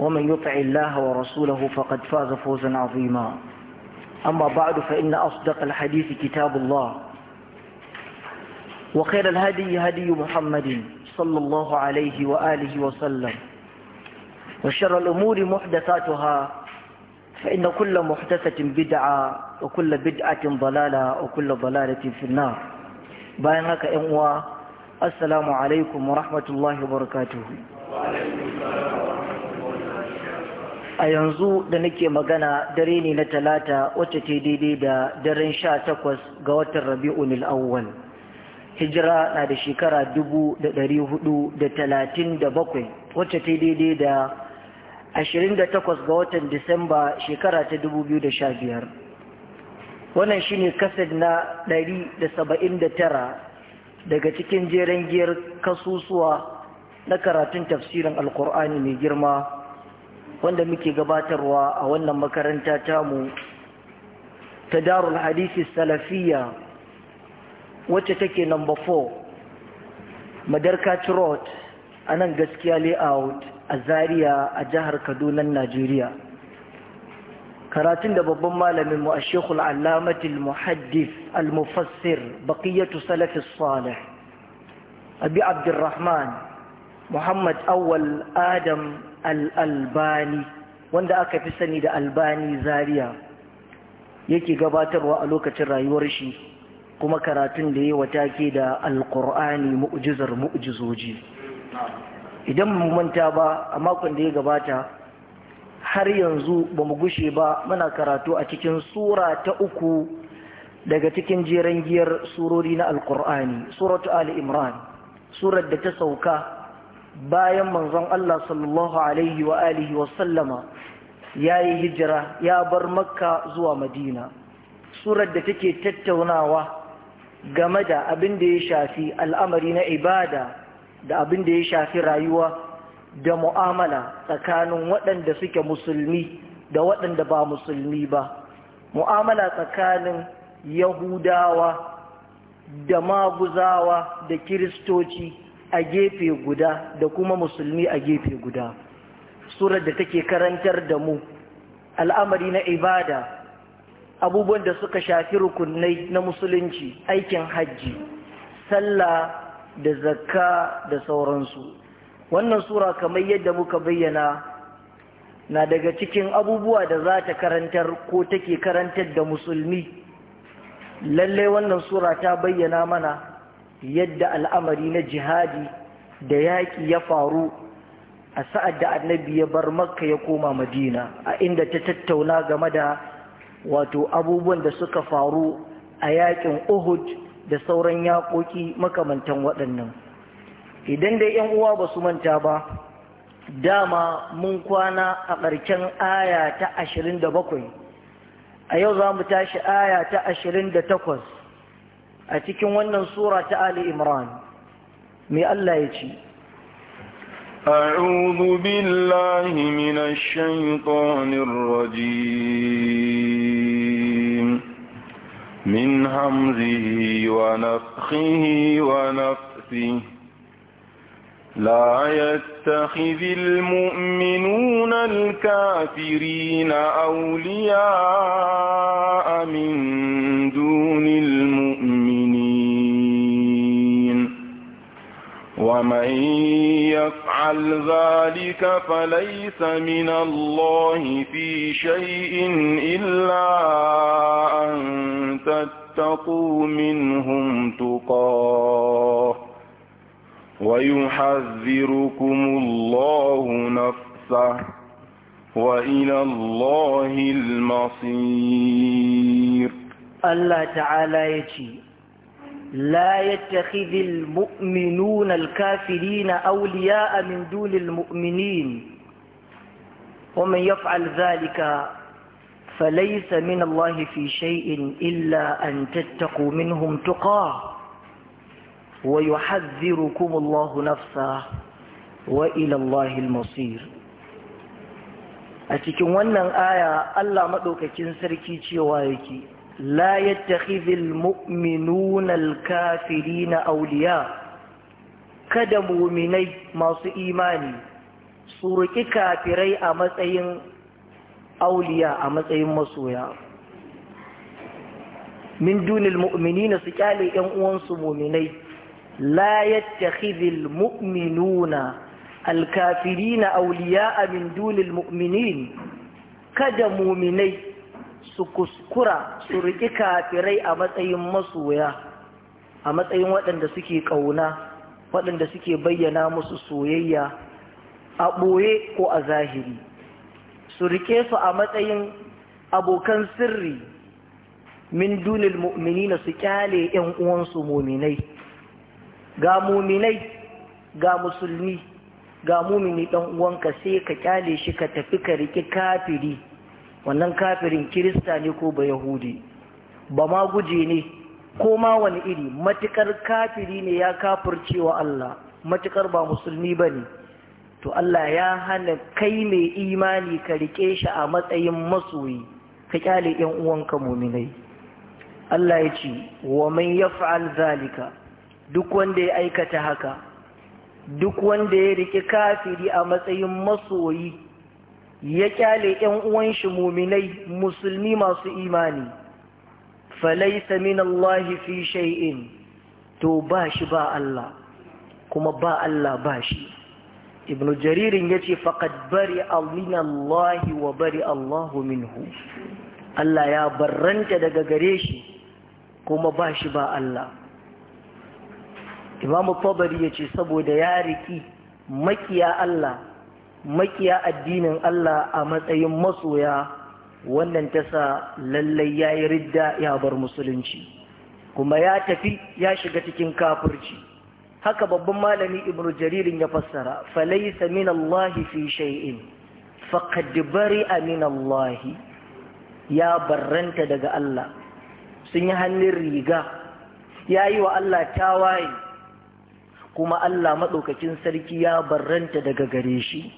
ومن يطع الله ورسوله فقد فاز فوزا عظيما أما بعد فإن أصدق الحديث كتاب الله وخير الهدي هدي محمد صلى الله عليه وآله وسلم وشر الأمور محدثاتها فإن كل محدثة بدعة وكل بدعة ضلالة وكل ضلالة في النار بينك إنوا السلام عليكم ورحمة الله وبركاته وعليكم السلام a yanzu da nake magana dare ne na talata wacce ta daidai da daren sha takwas ga watan rabi'un al'awwal hijira na da shekara dubu da dari hudu da talatin da bakwai wacce ta daidai da ashirin da takwas ga watan disamba shekara ta dubu biyu da sha biyar wannan shi ne kasar na dari da saba'in da tara daga cikin jerin giyar kasusuwa na karatun tafsirin alkur'ani mai girma wanda muke gabatarwa a wannan makaranta tamu ta darul hadisi salafiya wacce take number 4 madarkaci road a nan gaskiya layout a zaria a jihar kaduna najeriya karatun da babban malamin mu a shekul alamatul muhaddif al-mufassir baqiyatu salafis salih abi abdurrahman muhammad awwal adam al'albani wanda aka fi sani da albani zaria yake gabatarwa a lokacin rayuwar shi kuma karatun da ya wata ke da alkur'ani mu'jizar mu'jizoji idan mu manta ba a makon da ya gabata har yanzu ba mu gushe ba muna karatu a cikin sura ta uku daga cikin jeran giyar surori na alkur'ani suratu ali imran surar da ta sauka bayan manzon Allah sallallahu alaihi wa alihi wa sallama yayi hijira ya bar makka zuwa madina surar da take tattaunawa game da abin da ya shafi al'amari na ibada da abin da ya shafi rayuwa da mu'amala tsakanin waɗanda suke musulmi da waɗanda ba musulmi ba mu'amala tsakanin yahudawa da maguzawa da kiristoci a gefe guda da kuma musulmi a gefe guda surar da take karantar da mu al'amari na ibada abubuwan da suka shafi rukunai na musulunci aikin hajji sallah da zakka da sauransu wannan sura kamar yadda muka bayyana na daga cikin abubuwa da za ta karantar ko take karantar da musulmi Lallai wannan sura ta bayyana mana yadda al'amari na jihadi da yaƙi ya faru a sa'ad da annabi ya bar makka ya koma madina a inda ta tattauna game da wato abubuwan da suka faru a yaƙin uhud da sauran yaƙoƙi makamantan waɗannan idan dai yan uwa ba su manta ba dama mun kwana a ƙarshen aya ta ashirin da bakwai, a yau za mu tashi aya ta ashirin da takwas. a cikin سورة آل إمران Ali Imran أعوذ بالله من الشيطان الرجيم من همزه ونفخه ونفثه لا يتخذ المؤمنون الكافرين أولياء من دون المؤمنين ومن يفعل ذلك فليس من الله في شيء إلا أن تتقوا منهم تقاه ويحذركم الله نفسه وإلى الله المصير الله تعالى يتي لا يتخذ المؤمنون الكافرين أولياء من دون المؤمنين ومن يفعل ذلك فليس من الله في شيء إلا أن تتقوا منهم تقاه ويحذركم الله نفسه وإلى الله المصير أتكون أن آية مدوك مدوكة سركي تيوائكي لا يتخذ المؤمنون الكافرين أولياء kada muminai masu imani su riƙi kafirai a matsayin auliya a matsayin masoya min dunil mu'minina su kyale yan uwansu muminai la yattakhidhil mu'minuna alkafirina awliya'a min dunil kada muminai su kuskura su riƙi kafirai a matsayin masoya a matsayin waɗanda suke ƙauna waɗanda suke bayyana musu soyayya a ɓoye ko a zahiri su riƙe su a matsayin abokan sirri min dunil na su ƙyale ‘yan uwansu muminai ga muminai ga musulmi ga mumini ɗan uwanka sai ka ƙyale shi ka tafi ka riƙi kafiri wannan kafirin kirista ne ko ba yahudi ba ma guje ne ko ma wani iri matukar kafiri ne ya cewa Allah matukar ba musulmi ba ne to Allah ya hana kai mai imani ka rike shi a matsayin masoyi ka kyale yan uwanka muminai Allah ya ce wa man yaf'al zalika duk wanda ya aikata haka duk wanda ya rike kafiri a matsayin masoyi ya kyale ‘yan uwan shi muminai musulmi masu imani, falaisa min Allah fi shay'in to ba shi ba Allah, kuma ba Allah ba shi. Ibn jaririn ya ce, faƙad bari min Allah wa bari Alahu minhu. Allah ya barranta daga gare shi, kuma ba shi ba Allah. Imamu Fabari ya ce, saboda ya riki makiya Allah makiya addinin Allah a matsayin masoya wannan ta sa lallai ya yi ridda ya bar musulunci kuma ya tafi ya shiga cikin kafurci, haka babban malami ibnu jaririn ya fassara falaisa min Allah fi shay'in faqad bari min Allah ya barranta daga Allah sun yi hannun riga ya yi wa Allah tawaye kuma Allah maɗaukakin sarki ya barranta daga gare shi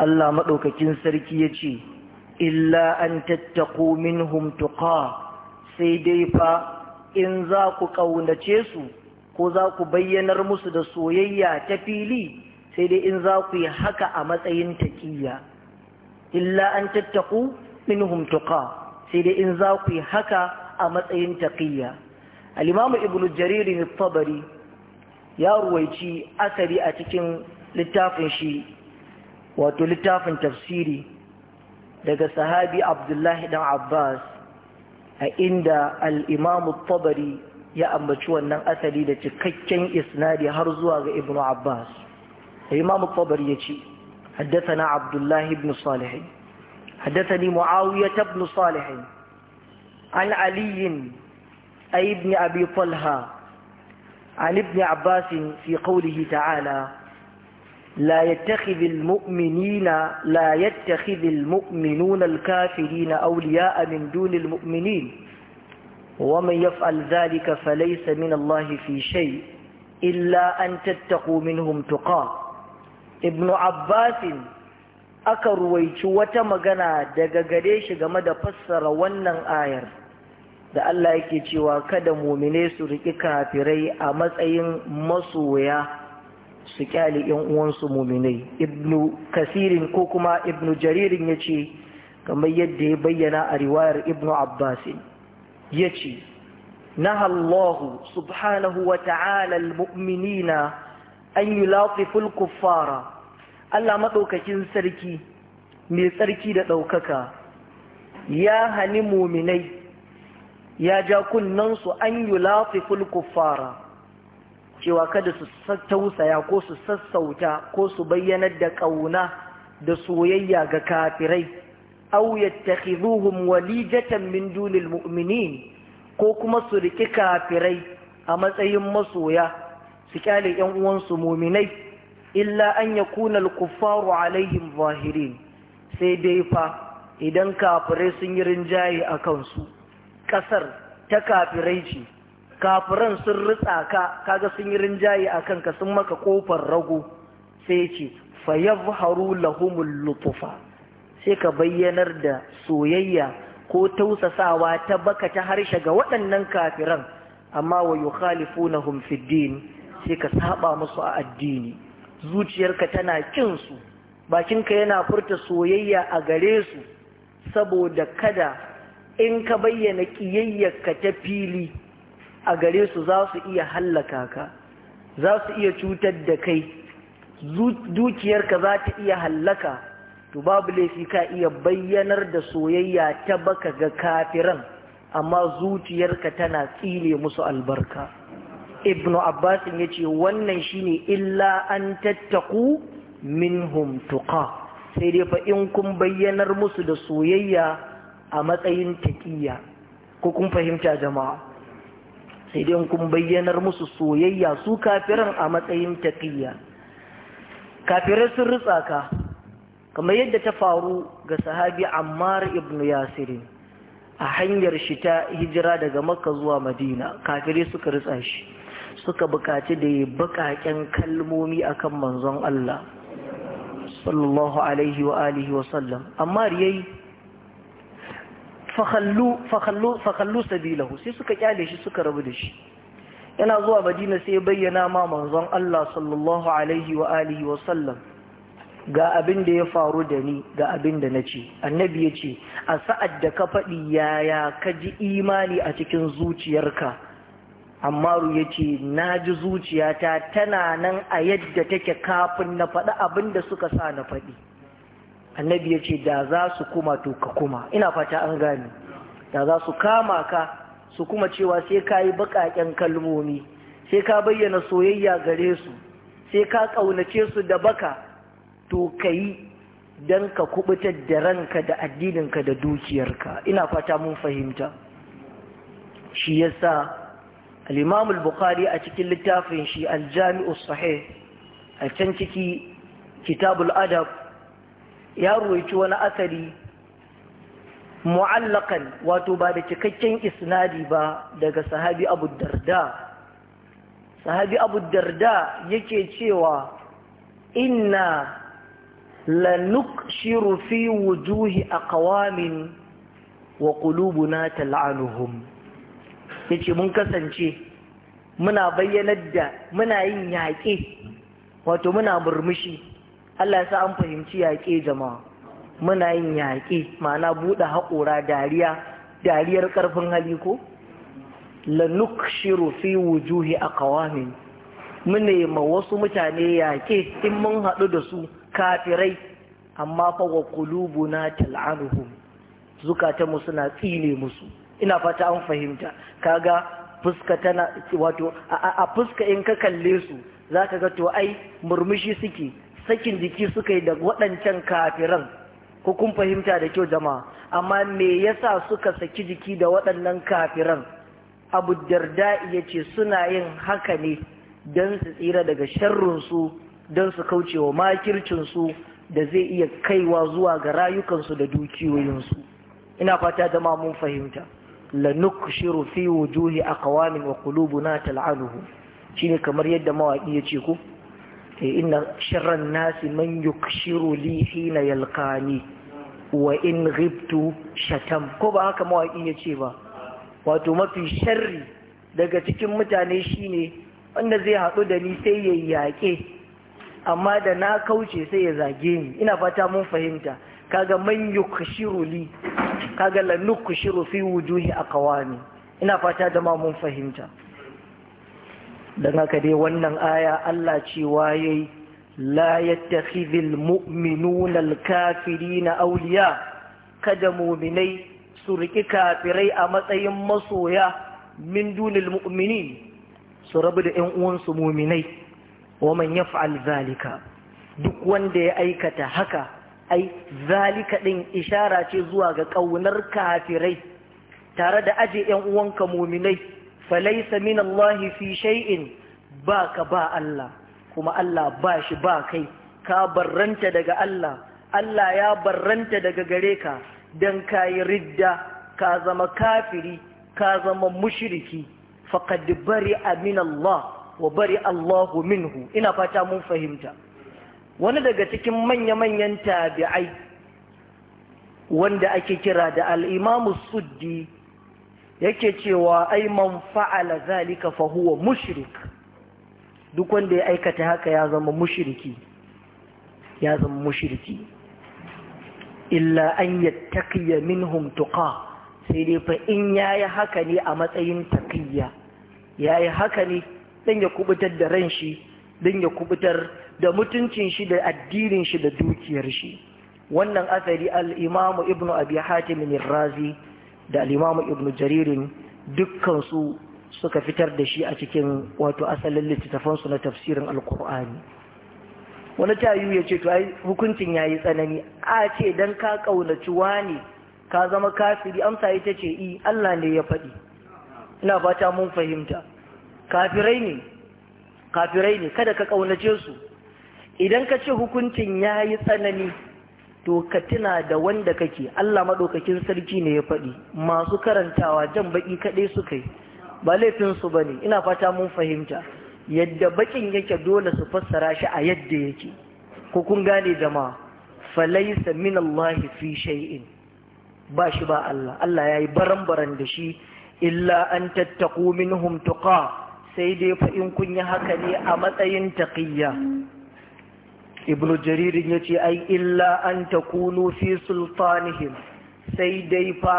Allah maɗaukakin sarki ya ce, Illa an tattaku minhum tuqa sai dai fa in za ku ƙaunace su ko za ku bayyanar musu da soyayya ta fili sai dai in za ku yi haka a matsayin taƙiyya. Illa an tattaku minhum tuqa sai dai in za ku yi haka a matsayin taƙiyya. Al'imamu Ibn Jaririn Tabari ya ruwaici asali a cikin littafin shi wato littafin tafsiri daga sahabi abdullahi dan abbas a inda al'imamu tabari ya ambaci wannan asali da cikakken isnadi har zuwa ga ibn abbas Imamu tabari ya ce حدثنا Abdullahi الله بن haddasa حدثني معاوية بن صالح عن علي أي ابن أبي طلحة عن ابن عباس في قوله تعالى لا يتخذ المؤمنين لا يتخذ المؤمنون الكافرين أولياء من دون المؤمنين ومن يفعل ذلك فليس من الله في شيء إلا أن تتقوا منهم تقى ابن عباس aka ruwaici wata magana daga gare shi game da fassara wannan ayar da Allah yake cewa kada mumine su riƙi kafirai a matsayin masoya su kyale yan uwansu muminai ibnu kasirin ko kuma ibnu jaririn ya ce kamar yadda ya bayyana a riwayar ibnu abbasin ya ce wa الله Muminina. وتعالى المؤمنين أن يلاطفوا fara. Allah maɗaukakin sarki mai tsarki da ɗaukaka ya hani muminai ya ja kunnansu an yi latiful fara. cewa kada su tausaya ko su sassauta ko su bayyanar da ƙauna da soyayya ga kafirai aw yattakhidhuhum walijatan min dunil mu'minin ko kuma su riki kafirai a matsayin masoya su kyale yan uwansu muminai illa an yakuna al-kuffaru alaihim zahirin sai dai fa idan kafirai sun yi rinjaye a kansu kasar ta kafirai ce kafiran sun ritsa ka kaga sun yi rinjaye a kanka sun maka kofar rago sai ce haru lahumul lutufa sai ka bayyanar da soyayya ko tausasawa ta baka ta harshe ga waɗannan kafiran amma wa yukhalifunahum fid din sai ka saba musu a addini zuciyarka tana kin su bakinka yana furta soyayya a gare su saboda kada in ka bayyana kiyayyarka ta fili a gare su za su iya hallaka ka za su iya cutar da kai dukiyarka za ta iya hallaka to babu laifi ka iya bayyanar da soyayya ta baka ga kafiran amma zuciyarka tana tsile musu albarka ibnu abbasin ya ce wannan shine illa an tattaku minhum tuqa sai dai fa in kun bayyanar musu da soyayya a matsayin taƙiyya ko kun fahimta jama'a sai dai kun bayyanar musu soyayya su kafiran a matsayin taƙiyya kafirai sun ritsa ka kamar yadda ta faru ga sahabi ammar ibn yasirin a hanyar shi ta hijira daga makka zuwa madina kafirai suka ritsa shi suka bukaci da ya bakaken kalmomi akan manzon Allah sallallahu alaihi wa alihi wa sallam amma yayi fahallu fahallu sabilahu sai suka kyale shi suka rabu da shi yana zuwa madina sai bayyana ma manzon Allah sallallahu alaihi wa alihi wa sallam ga abin da ya faru da ni ga abin da na annabi yace a sa'ad da ka faɗi yaya ka ji imani a cikin zuciyarka ammaru yace ce na ji zuciyata tana nan a yadda take kafin na faɗi abin da suka sa na faɗi annabi ya ce da za su kuma to ka kuma ina fata an gane da za su kama ka su kuma cewa sai ka yi baƙaƙen kalmomi sai ka bayyana soyayya gare su sai ka ƙaunace su da baka to ka yi don ka kubutar da ranka da addininka da dukiyarka ina fata mun fahimta shi yasa sa imamul bukhari a cikin littafin shi al a can ciki kitabul adab ya ruwaici wani asali mu'allakan wato ba da cikakken isnadi ba daga sahabi abu darda sahabi abu darda yake cewa inna lanukshiru fi wujuhi aqwamin wa qulubuna tal'anuhum yace mun kasance muna bayyanar da muna yin yaƙe wato muna murmushi Allah ya sa an fahimci yaƙe jama'a muna yin yaƙe ma'ana buɗe haƙora dariya dariyar ƙarfin hali ko lanukshiru fi wujuhi aqwamin mune ma wasu mutane yaƙe in mun haɗu da su kafirai amma fa wa qulubuna Zukata mu suna tsile musu ina fata an fahimta kaga fuska tana wato a fuska in ka kalle su zaka ga to ai murmushi suke sakin jiki suka yi da waɗancan kafiran hukun fahimta da kyau jama'a amma me yasa suka saki jiki da waɗannan kafiran abu darda ya ce suna yin haka ne don su tsira daga sharrunsu don su kauce wa makircinsu da zai iya kaiwa zuwa ga rayukansu da dukiyoyinsu ina fata jama mun fahimta shiru fi wujuhi aqwamin wa qulubuna tal'anuhu shine kamar yadda mawaki ya ce ko إن شر الناس من يكشر wa in يلقاني shatam ko ba haka هكا ya ce ba wato mafi sharri daga cikin mutane shine wanda zai haɗu da ni sai ya yaƙe amma da na kauce sai ya zage ni ina fata mun fahimta kaga man yukshiru li kaga la fi wujuhi kawani ina fata da ma mun fahimta don haka dai wannan aya Allah cewa yayi la yattakhidhul mu'minuna al-kafirina awliya kada mu'minai su riki kafirai a matsayin masoya min dunil mu'minin su rabu da 'yan uwansu mu'minai wa man yaf'al zalika duk wanda ya aikata haka ai zalika din ishara ce zuwa ga kaunar kafirai tare da aje ƴan uwanka mu'minai falaisa min fi fi shay'in baka ba Allah kuma Allah ba shi ba kai ka barranta daga Allah Allah ya barranta daga gare ka dan kayi ridda ka zama kafiri ka zama mushiriki, faqad bari'a min Allah wa bari Allahu minhu ina fata mun fahimta wani daga cikin manya-manyan tabi'ai wanda ake kira da al Suddi yake cewa ai man fa'ala zalika fa huwa mushrik duk wanda ya aikata haka ya zama mushriki ya zama mushriki illa an yattaqiya minhum tuqa sai dai fa in yayi haka ne a matsayin taqiya yayi haka ne dan ya kubutar da ran shi dan ya kubutar da mutuncin shi da addinin shi da dukiyar shi wannan asari al-imamu ibnu abi hatim ar-razi da al'imamu ibn jaririn dukkansu suka fitar da shi a cikin wato asalin littattafansu na tafsirin alkur'ani wani tayu ya ce to ai hukuncin yayi tsanani a ce dan ka kaunaci wani ka zama kafiri amsa ita ce i Allah ne ya faɗi ina fata mun fahimta kafirai ne kafirai ne kada ka kaunace su idan ka ce hukuncin yayi tsanani to ka tuna da wanda kake Allah maɗaukakin sarki ne ya faɗi masu karantawa jan baƙi kaɗai su kai ba laifinsu ba ne ina fata mun fahimta yadda baƙin yake dole su fassara shi a yadda yake ko kun gane jama'a falaisa min Allah fi shay'in ba shi ba Allah Allah yayi baran-baran da shi illa an tattaqu minhum tuqa sai dai fa in kun yi haka ne a matsayin taqiyya ibnu jaririn ya ce ai illa an ta kunu fi sultanihim sai dai fa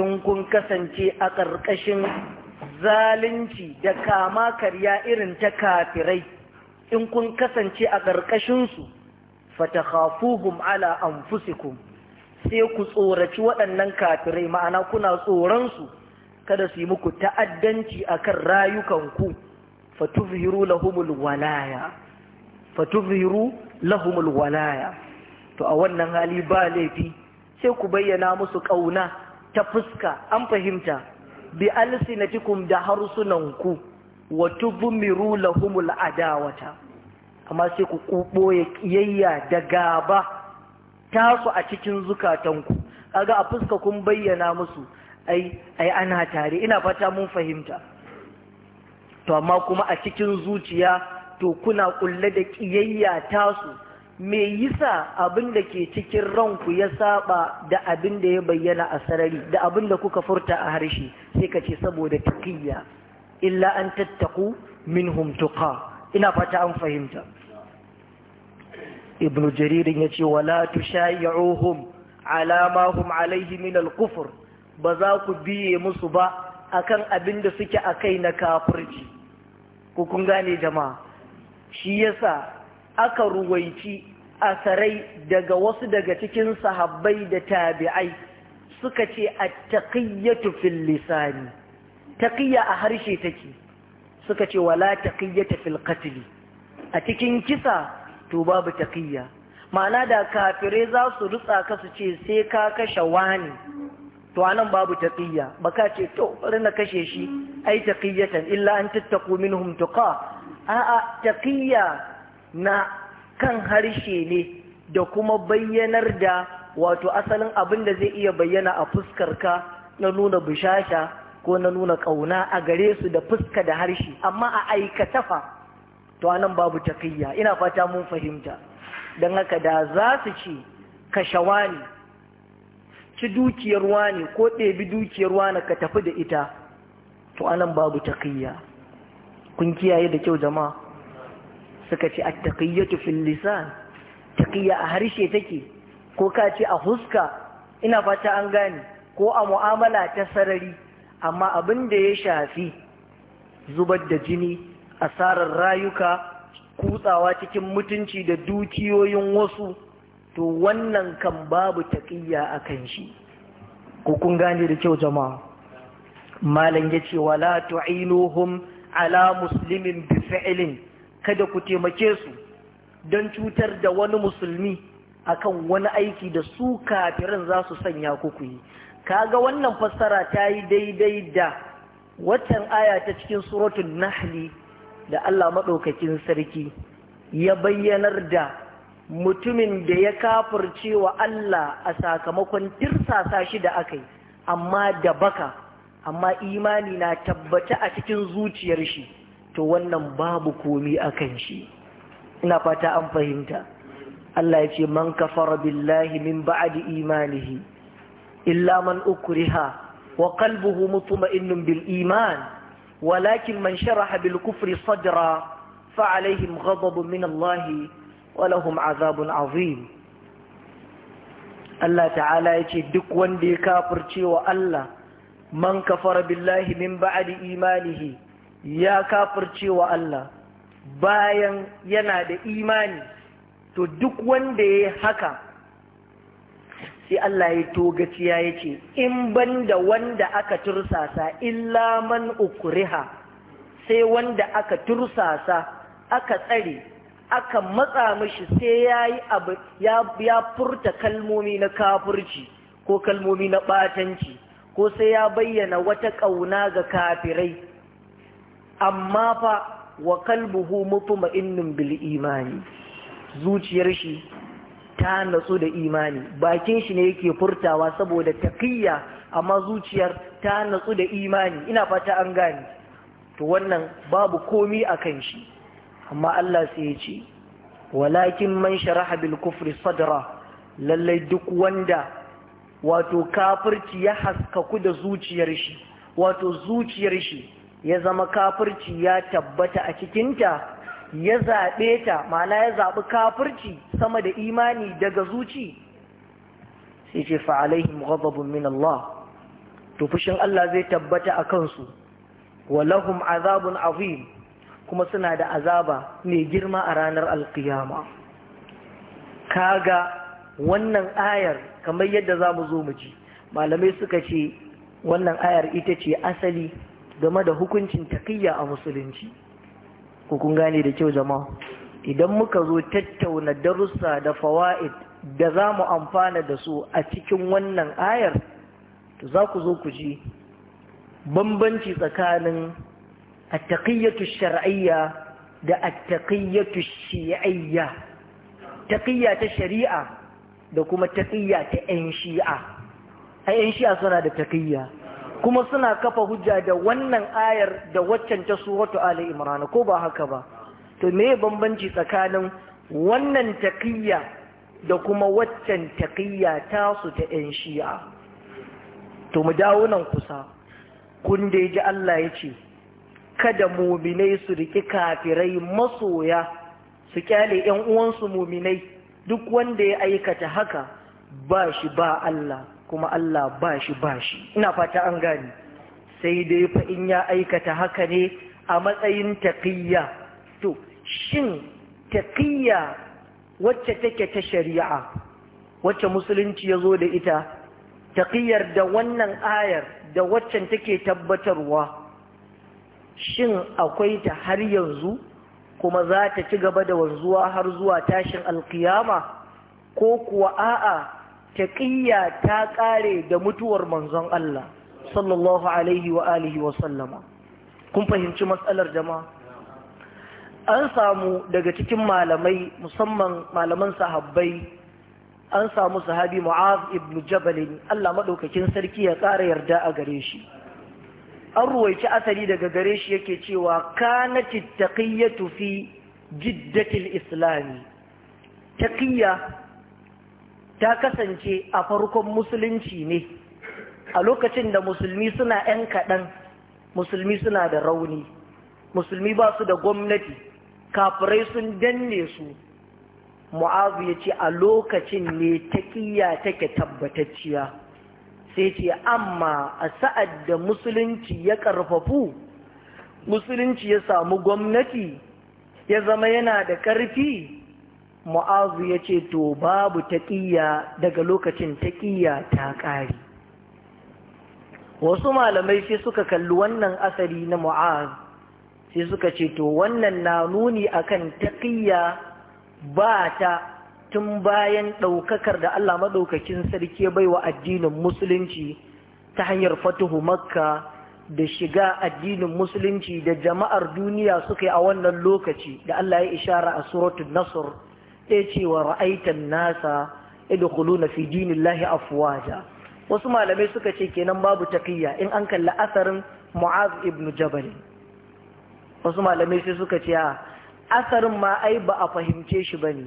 in kun kasance a ƙarƙashin zalunci da kama karya irin ta kafirai in kun kasance a ƙarƙashinsu fatakhafuhum ala anfusikum sai ku tsoraci waɗannan kafirai ma'ana kuna tsoronsu kada su yi muku ta'addanci kan rayukanku fatuzhiru lahumul walaya fatuzhiru lahumul walaya to a wannan hali ba laifi sai ku bayyana musu kauna ta fuska an fahimta bi alsinatikum da harsunanku wa tubmiru lahumul adawata amma sai ku ɓoye ƙiyayya da gaba tasu a cikin zukatanku kaga a fuska kun bayyana musu ai ai ana tare ina fata mun fahimta to amma kuma a cikin zuciya to kuna kulle da kiyayya tasu me yisa abin da ke cikin ranku ya saba da abin da ya bayyana a sarari da abin da kuka furta a harshe sai ka ce saboda taqiyya illa an tattaku minhum tuqa ina fata an fahimta ibnu ya ce wala tushayyuhum ala ma hum alaihi min al-kufr ba za ku biye musu ba akan abin da suke akai na kafirci ku kun gane jama'a shi yasa aka ruwaici asarai daga wasu daga cikin sahabbai da tabi'ai suka ce at-taqiyatu fil lisani taqiya a harshe take suka ce wala taqiyata fil qatl a cikin kisa to babu taqiya ma'ana da kafirai za su rutsa ka su ce sai ka kashe wani to anan babu taqiya baka ce to bari na kashe shi ai taqiyatan illa an tattaqu minhum tuqa a'a taqiyya na kan harshe ne da kuma bayyanar da wato asalin abin da zai iya bayyana a fuskarka na nuna bishasha ko na nuna ƙauna a gare su da fuska da harshe amma a aikata fa to anan babu taqiyya ina fata mun fahimta don haka da za su ci kashawa ci dukiyar wani ko ɗebi dukiyar wani ka tafi da ita to anan babu taqiyya kun kiyaye da kyau jama'a suka ce a taqiyyatu fil lisan taƙiyya a harshe take ko ka ce a huska ina fata an gane ko a mu'amala ta sarari amma abin da ya shafi zubar da jini asarar rayuka kutsawa cikin mutunci da dukiyoyin wasu to wannan kan babu taƙiyya a kan shi ko kun gane da kyau jama'a malam ya ce wala tu'iluhum ala muslimin bi kada ku taimake su don cutar da wani musulmi akan wani aiki da su kafirin za su sanya ku ku yi kaga wannan fassara ta yi daidai da watan aya ta cikin suratul nahli da Allah maɗaukakin sarki ya bayyanar da mutumin da ya kafirce wa Allah a sakamakon tirsasa shi da aka amma da baka amma imani na tabbata a cikin zuciyar shi to wannan babu komi kan shi ina fata an fahimta Allah ya ce man kafara billahi min ba'di imanihi illa man ukriha wa qalbuhu mutma'innun bil iman walakin man sharaha bil kufri sadra fa alaihim ghadabun min Allah wa lahum azabun azim Allah ta'ala ya ce duk wanda ya kafirce wa Allah man kafara billahi min ba'di imanihi ya wa Allah bayan yana da imani to duk wanda ya haka sai Allah ya togaciya ya ce in banda wanda aka tursasa illa man ukriha sai wanda aka tursasa aka tsare aka matsa mishi sai yayi ya furta kalmomi na kafirci ko kalmomi na batanci ko sai ya bayyana wata ƙauna ga kafirai amma fa wa kalbuhu mutma'innun bil imani zuciyar shi ta natsu da imani bakin shi ne yake furtawa saboda taqiyya amma zuciyar ta natsu da imani ina fata an gane to wannan babu komi akan shi amma Allah sai ya ce walakin man sharaha bil kufri sadra lallai duk wanda wato kafirci ya haskaku da zuciyar shi wato zuciyar shi ya zama kafirci ya tabbata a cikinta ya zaɓe ta ma'ana ya zaɓi kafirci sama da imani daga zuci sai ce fa'alaihim ghadabun min Allah to fushin Allah zai tabbata a kansu wa lahum azabun azim kuma suna da azaba mai girma a ranar alkiyama kaga wannan ayar kamar yadda za mu zo mu ji malamai suka ce wannan ayar ita ce asali game da hukuncin takiyya a musulunci ko kun gane da kyau jama'a idan muka zo tattauna darussa da fawaid da za mu amfana da su a cikin wannan ayar to za ku zo ku ji bambanci tsakanin attaqiyyatu shar'iyya da attaqiyyatu shi'ayya taqiyya ta shari'a da kuma taƙiyya ta 'yan shi'a a 'yan shi'a suna da taƙiyya kuma suna kafa hujja da wannan ayar da waccan ta suratu ali imran ko ba haka ba to me bambanci tsakanin wannan taƙiyya da kuma waccan taƙiyya tasu ta 'yan shi'a to mu dawo nan kusa kun da ji Allah ya ce kada muminai su riƙi kafirai masoya su ƙyale ‘yan uwansu muminai duk wanda ya aikata haka ba shi ba Allah kuma Allah ba shi ba shi ina fata an gani sai dai fa in ya aikata haka ne a matsayin taqiyya to shin taqiyya wacce take ta shari'a wacce musulunci ya zo da ita taqiyyar da wannan ayar da waccan take tabbatarwa shin akwai ta har yanzu kuma za ta ci gaba da wanzuwa har zuwa tashin alkiyama ko kuwa a'a ƙiyya ta ƙare da mutuwar manzon Allah sallallahu alaihi wa alihi wa sallama kun fahimci matsalar jama'a an samu daga cikin malamai musamman malaman sahabbai an samu sahabi mu'az ibn jabal Allah madaukakin sarki ya ƙara yarda a gare shi an ruwaici asali daga gare shi yake cewa kana tattaqiyatu fi jiddatil islami taqiyya ta kasance a farkon musulunci ne a lokacin da musulmi suna 'yan kaɗan musulmi suna da rauni musulmi ba su da gwamnati kafirai sun danne su mu'azu ya ce a lokacin ne taƙiyya take tabbatacciya sai ce amma a sa'ad da musulunci ya ƙarfafu musulunci ya samu gwamnati ya zama yana da ƙarfi mu'azu ya ce to babu taƙiyya daga lokacin taƙiyya ta ƙari wasu malamai sai suka kalli wannan asali na mu'azu sai suka ce to wannan na nuni akan taƙiyya ba ta tun bayan ɗaukakar da Allah maɗaukakin sarki bai wa addinin musulunci ta hanyar fatuhu makka da shiga addinin musulunci da jama'ar duniya suka yi a wannan lokaci da Allah ya ishara a suratul nasr ɗaya cewa ra'aitan nasa idkhuluna fi dinillahi afwaja wasu malamai suka ce kenan babu taqiyya in an kalli asarin Mu'az ibn Jabal wasu malamai sai suka ce a asarin ma ai ba a fahimce shi bane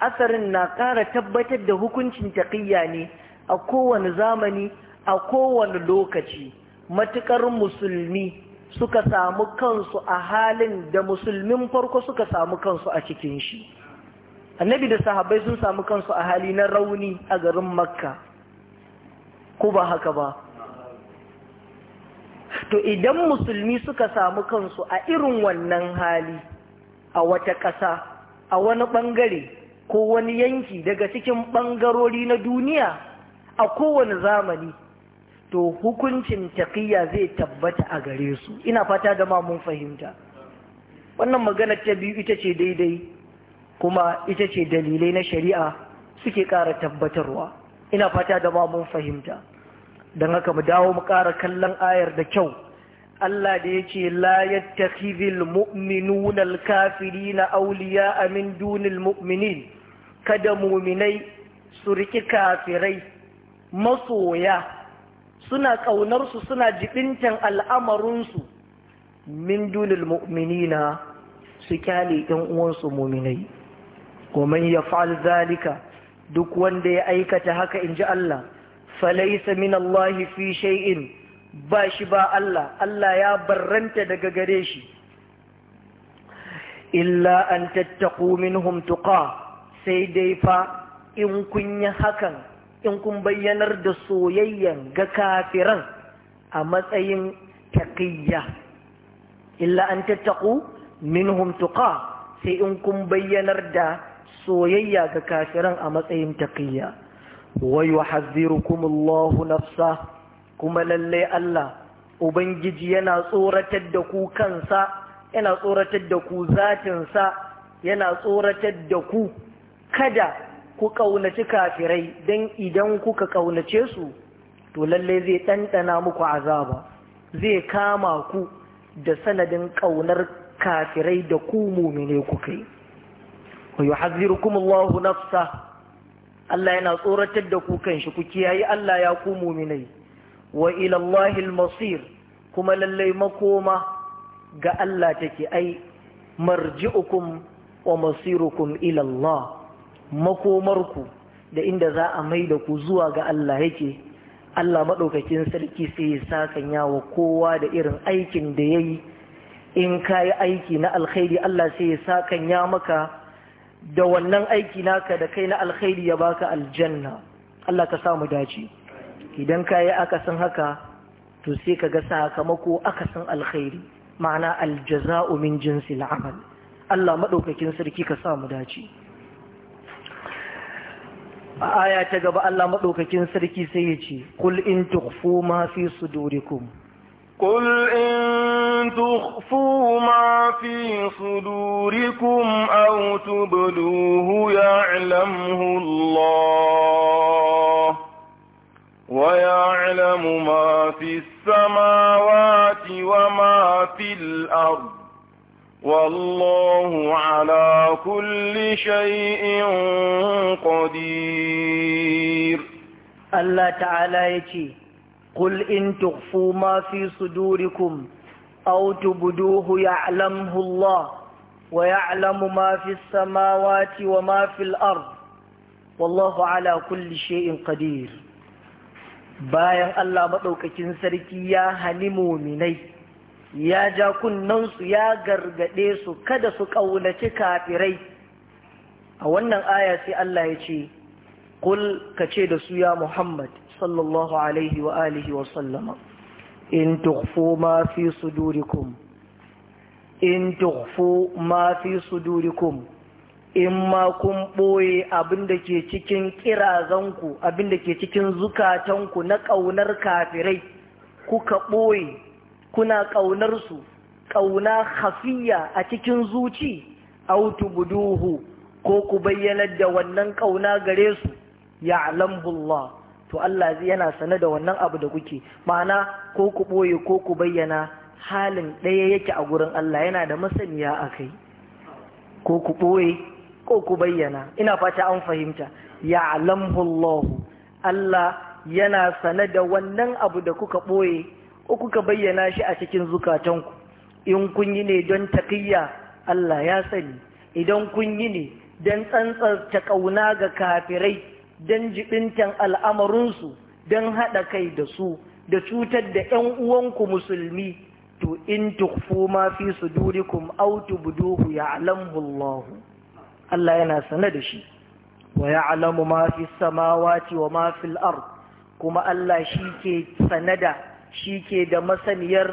asarin na ƙara tabbatar da hukuncin taƙiyya ne a kowane zamani a kowane lokaci matuƙar musulmi suka samu kansu a halin da musulmin farko suka samu kansu a cikin shi annabi da sahabbai sun samu kansu a hali na rauni a garin makka ko ba haka ba to idan musulmi suka samu kansu a irin wannan hali a wata ƙasa a wani ɓangare ko wani yanki daga cikin ɓangarori na duniya a kowane zamani to hukuncin taƙiyya zai tabbata a gare su ina fata da ma mun fahimta wannan maganar ta biyu ita ce daidai kuma ita ce dalilai na shari'a suke ƙara tabbatarwa ina fata da ma mun fahimta don haka mu dawo mu ƙara kallon ayar da kyau Allah da yace ce la yattakhidhul mu'minuna al-kafirina awliya'a min dunil mu'minin kada muminai su riki kafirai masoya suna ƙaunarsu suna jibintan al'amarinsu min dunil mu'minina su kyale ɗan uwansu muminai goman ya fa'al zalika duk wanda ya aikata haka in ji Allah falaisa min fi shay'in ba shi ba Allah Allah ya barranta daga gare shi illa an tattaku minhum tuqa sai dai fa in kun yi hakan in kun bayyanar da soyayyan ga kafiran a matsayin taƙiyya illa an tattaku minhum tuqa sai in kun bayyanar da soyayya ga kafiran a matsayin taƙiyya wai wa hazzirukumullahu nafsa kuma lalle Allah ubangiji yana tsoratar da ku kansa yana tsoratar da ku zatinsa yana tsoratar da ku kada ku ƙaunaci kafirai Dan idan kuka ƙaunace su to lallai zai ɗanɗana muku azaba zai kama ku da sanadin ƙaunar kafirai da ku mumine kuka yi wa yuhazzirukum Allahu nafsa Allah yana tsoratar da ku kanshi ku kiyaye Allah ya ku muminai wa ila masir kuma lallai makoma ga Allah take ai marji'ukum wa masirukum ila Allah makomarku da inda za a mai da ku zuwa ga Allah yake Allah maɗaukakin sarki sai ya sakanya yawa kowa da irin aikin da ya yi in ka yi aiki na alkhairi Allah sai ya ya maka da wannan aiki naka da kai na alkhairi ya baka aljanna Allah ka samu dace idan ka yi akasin haka to sai ka ga sakamako akasin alkhairi ma'ana aljaza'u min jinsil amal Allah maɗaukakin sarki ka samu dace a aya ta gaba Allah maɗaukakin sarki sai ya ce kul in tukhfu ma fi sudurikum kul in tukhfu ma fi sudurikum aw ya ya'lamhu Allah wa ya'lamu ma fi wa ma fil ardh والله على كل شيء قدير الله تعالى يتي قل إن تخفوا ما في صدوركم أو تبدوه يعلمه الله ويعلم ما في السماوات وما في الأرض والله على كل شيء قدير bayan Allah maɗaukakin sarki ya hani muminai ya ja kunnansu ya gargade su kada su ƙaunaci kafirai a wannan aya sai Allah ya ce kul ka ce da su ya Muhammad sallallahu alaihi wa alihi wa sallama in tukhfu ma fi sudurikum in tukhfu ma fi sudurikum in ma kun ɓoye abin da ke cikin kirazanku abin da ke cikin zukatanku na ƙaunar kafirai kuka ɓoye kuna ƙaunarsu ƙauna hafiya a cikin zuci autu buduhu ko ku bayyana da wannan ƙauna gare su ya alambullah to Allah zai yana sane da wannan abu da kuke ma'ana ko ku ɓoye ko ku bayyana halin ɗaya yake a gurin Allah yana da masaniya a kai ko ku ɓoye ko ku bayyana ina fata an fahimta ya alambullahu Allah yana sane da wannan abu da kuka ɓoye ko ka bayyana shi a cikin zukatanku in kun yi ne don taƙiyya Allah ya sani idan kun yi ne don tsantsarta ƙauna ga kafirai don jibintan al'amarinsu don haɗa kai da su da cutar da ‘yan uwanku musulmi to in tukfu ma fi su sudurikum autu buduhu ya'lamu Allahu. Allah yana sanada da shi wa ya'lamu ma fi ce wa ma fil kuma Allah shi ke sanada shi ke da masaniyar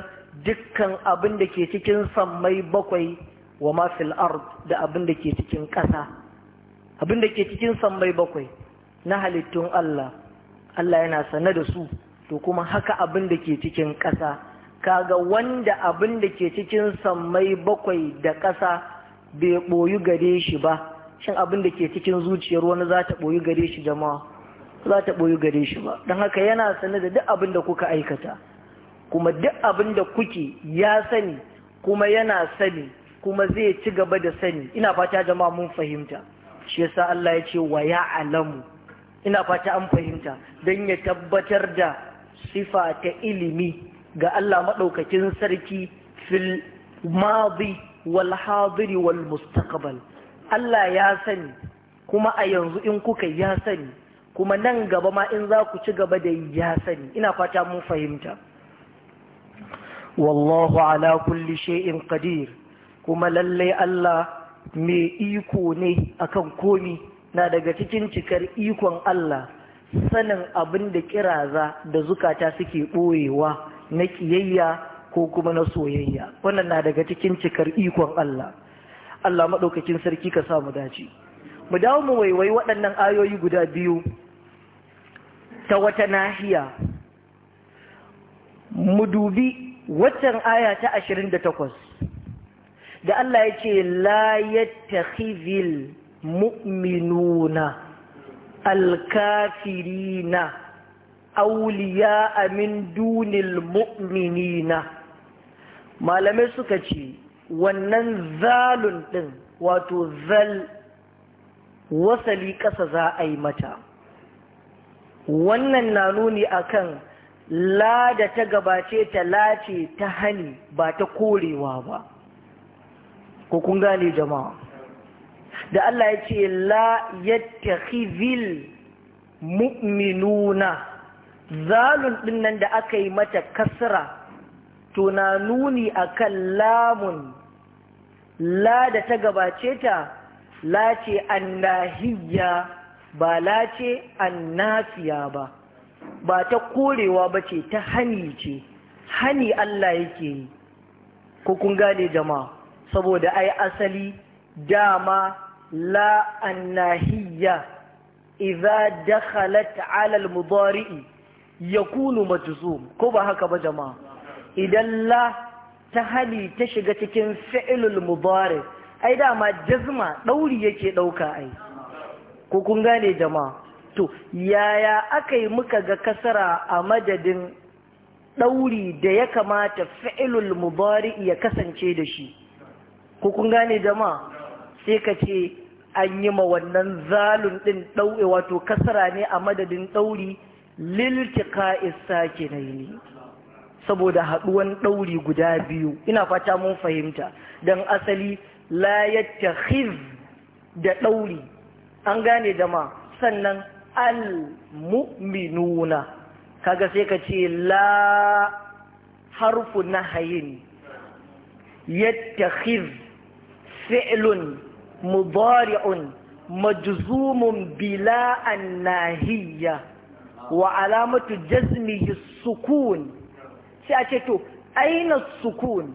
dukkan abin da ke cikin sammai bakwai wa mafil ard da abin da ke cikin ƙasa abin da ke cikin sammai bakwai na halittun Allah Allah yana sane da su to kuma haka abin da ke cikin ƙasa kaga wanda abin da ke cikin sammai bakwai da ƙasa bai ɓoyi gare shi ba shin abin da ke cikin zuciyar wani za ta ɓoyi gare shi jama'a za ta ɓoyi gare shi ba don haka yana sane da duk abin da kuka aikata kuma duk abin da kuke ya sani kuma yana sani kuma zai ci gaba da sani ina fata jama'a mun fahimta shi yasa Allah ya ce wa ya alamu? ina fata an fahimta dan ya tabbatar da sifa ta ilimi ga Allah madaukakin sarki fil madi wal hadiri wal mustaqbal Allah ya sani kuma a yanzu in kuka ya sani kuma nan gaba ma in za ku ci gaba da ya sani ina fata mun fahimta wallahu ala kulli shay'in qadir kuma lalle Allah mai iko ne akan komi na daga cikin cikar ikon Allah sanin abin da kiraza da zukata suke ɓoyewa na ƙiyayya ko kuma na soyayya wannan na daga cikin cikar ikon Allah Allah maɗaukakin sarki ka samu dace mu dawo mu waiwai waɗannan ayoyi guda biyu ta wata nahiya mu dubi waccan aya ta 28 da Allah ya ce la yattakhizil mu'minuna alkafirina awliya amin dunil mu'minina malamai suka ce wannan zalun din wato zal wasali ƙasa za a yi mata wannan na nuni akan la da ta gabace ta lace ta hani ba ta korewa ba ko kun gane jama'a da Allah ya ce la yattakhizil mu'minuna zalun dinnan da aka yi mata kasra to na nuni akan lamun la da ta gabace ta lace annahiyya ba lace ce annafiya ba ba ta korewa ba ce ta hani ce hani Allah yake yi ko kun gane jama'a saboda ai asali dama la annahiyya idza dakhalat ala al yakunu majzum ko ba haka ba jama'a idan la ta hali ta shiga cikin fi'lul mudari ai dama jazma dauri yake dauka ai ko kun gane jama'a to yaya aka yi muka ga kasara a madadin ɗauri da ya kamata fi'ilul mubari ya kasance da shi ko kun gane dama sai ka ce an yi ma wannan zalun ɗin ɗau'e wato kasara ne a madadin ɗauri liltika isa ke na yi saboda haɗuwan ɗauri guda biyu ina fata mun fahimta don asali la yattakhidh da ɗauri an gane jama'a sannan al-mu'minuna kaga sai ka ce la harfu nahayin yattakhiz fi'lun mudari'un majzumun bila annahiyya wa alamatu jazmihi sukun sai a ce to aina sukun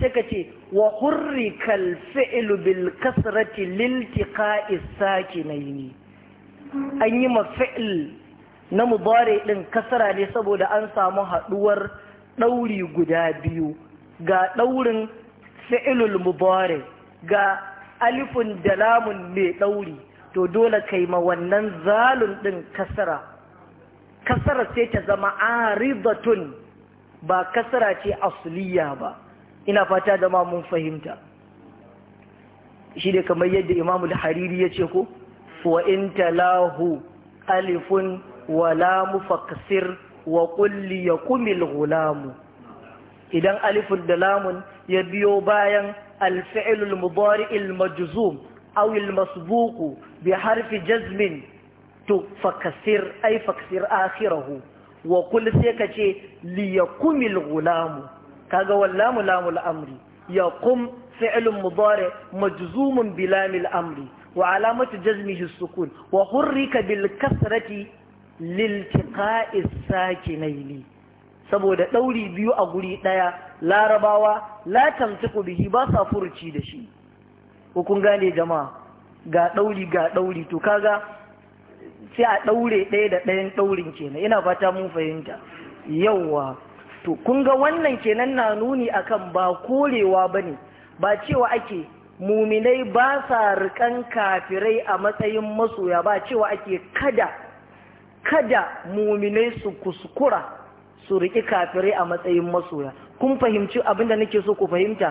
sai ka ce wa hurrikal fi'lu bil kasrati liltiqa'i sakinaini an yi mafi'il na mubare ɗin kasara ne saboda an samu haɗuwar ɗauri guda biyu ga ɗaurin fi'ilul mubare ga alifun da lamun mai ɗauri to dole kai ma wannan zalun ɗin kasara kasara sai ta zama aridatun ba kasara ce asuliyya ba ina fata da mun fahimta shi ne kamar yadda imamul hariri ya ce ko وإن تلاه ألف ولام فكسر وقل ليقم الغلام إذن ألف دلام يبيو بايا الفعل المضارع المجزوم أو المسبوق بحرف جزم فكسر أي فكسر آخره وقل سيكتي ليقم الغلام كاغا واللام لام الأمر يقم فعل مضارع مجزوم بلام الأمر wa alamatu jazmihi sukun wa hurrika bil kasrati lil tiqa'i sakinaini saboda dauri biyu a guri daya larabawa la tamtiku bihi ba sa da shi ko kun gane jama'a ga dauri ga dauri to kaga sai a daure daya da dayan daurin kenan ina fata mun fahimta yawa to kun ga wannan kenan na nuni akan ba korewa bane ba cewa ake muminai ba sa rikan kafirai a matsayin masoya ba cewa ake kada kada muminai su kuskura su riki kafirai a matsayin masoya kun fahimci abinda nake so ku fahimta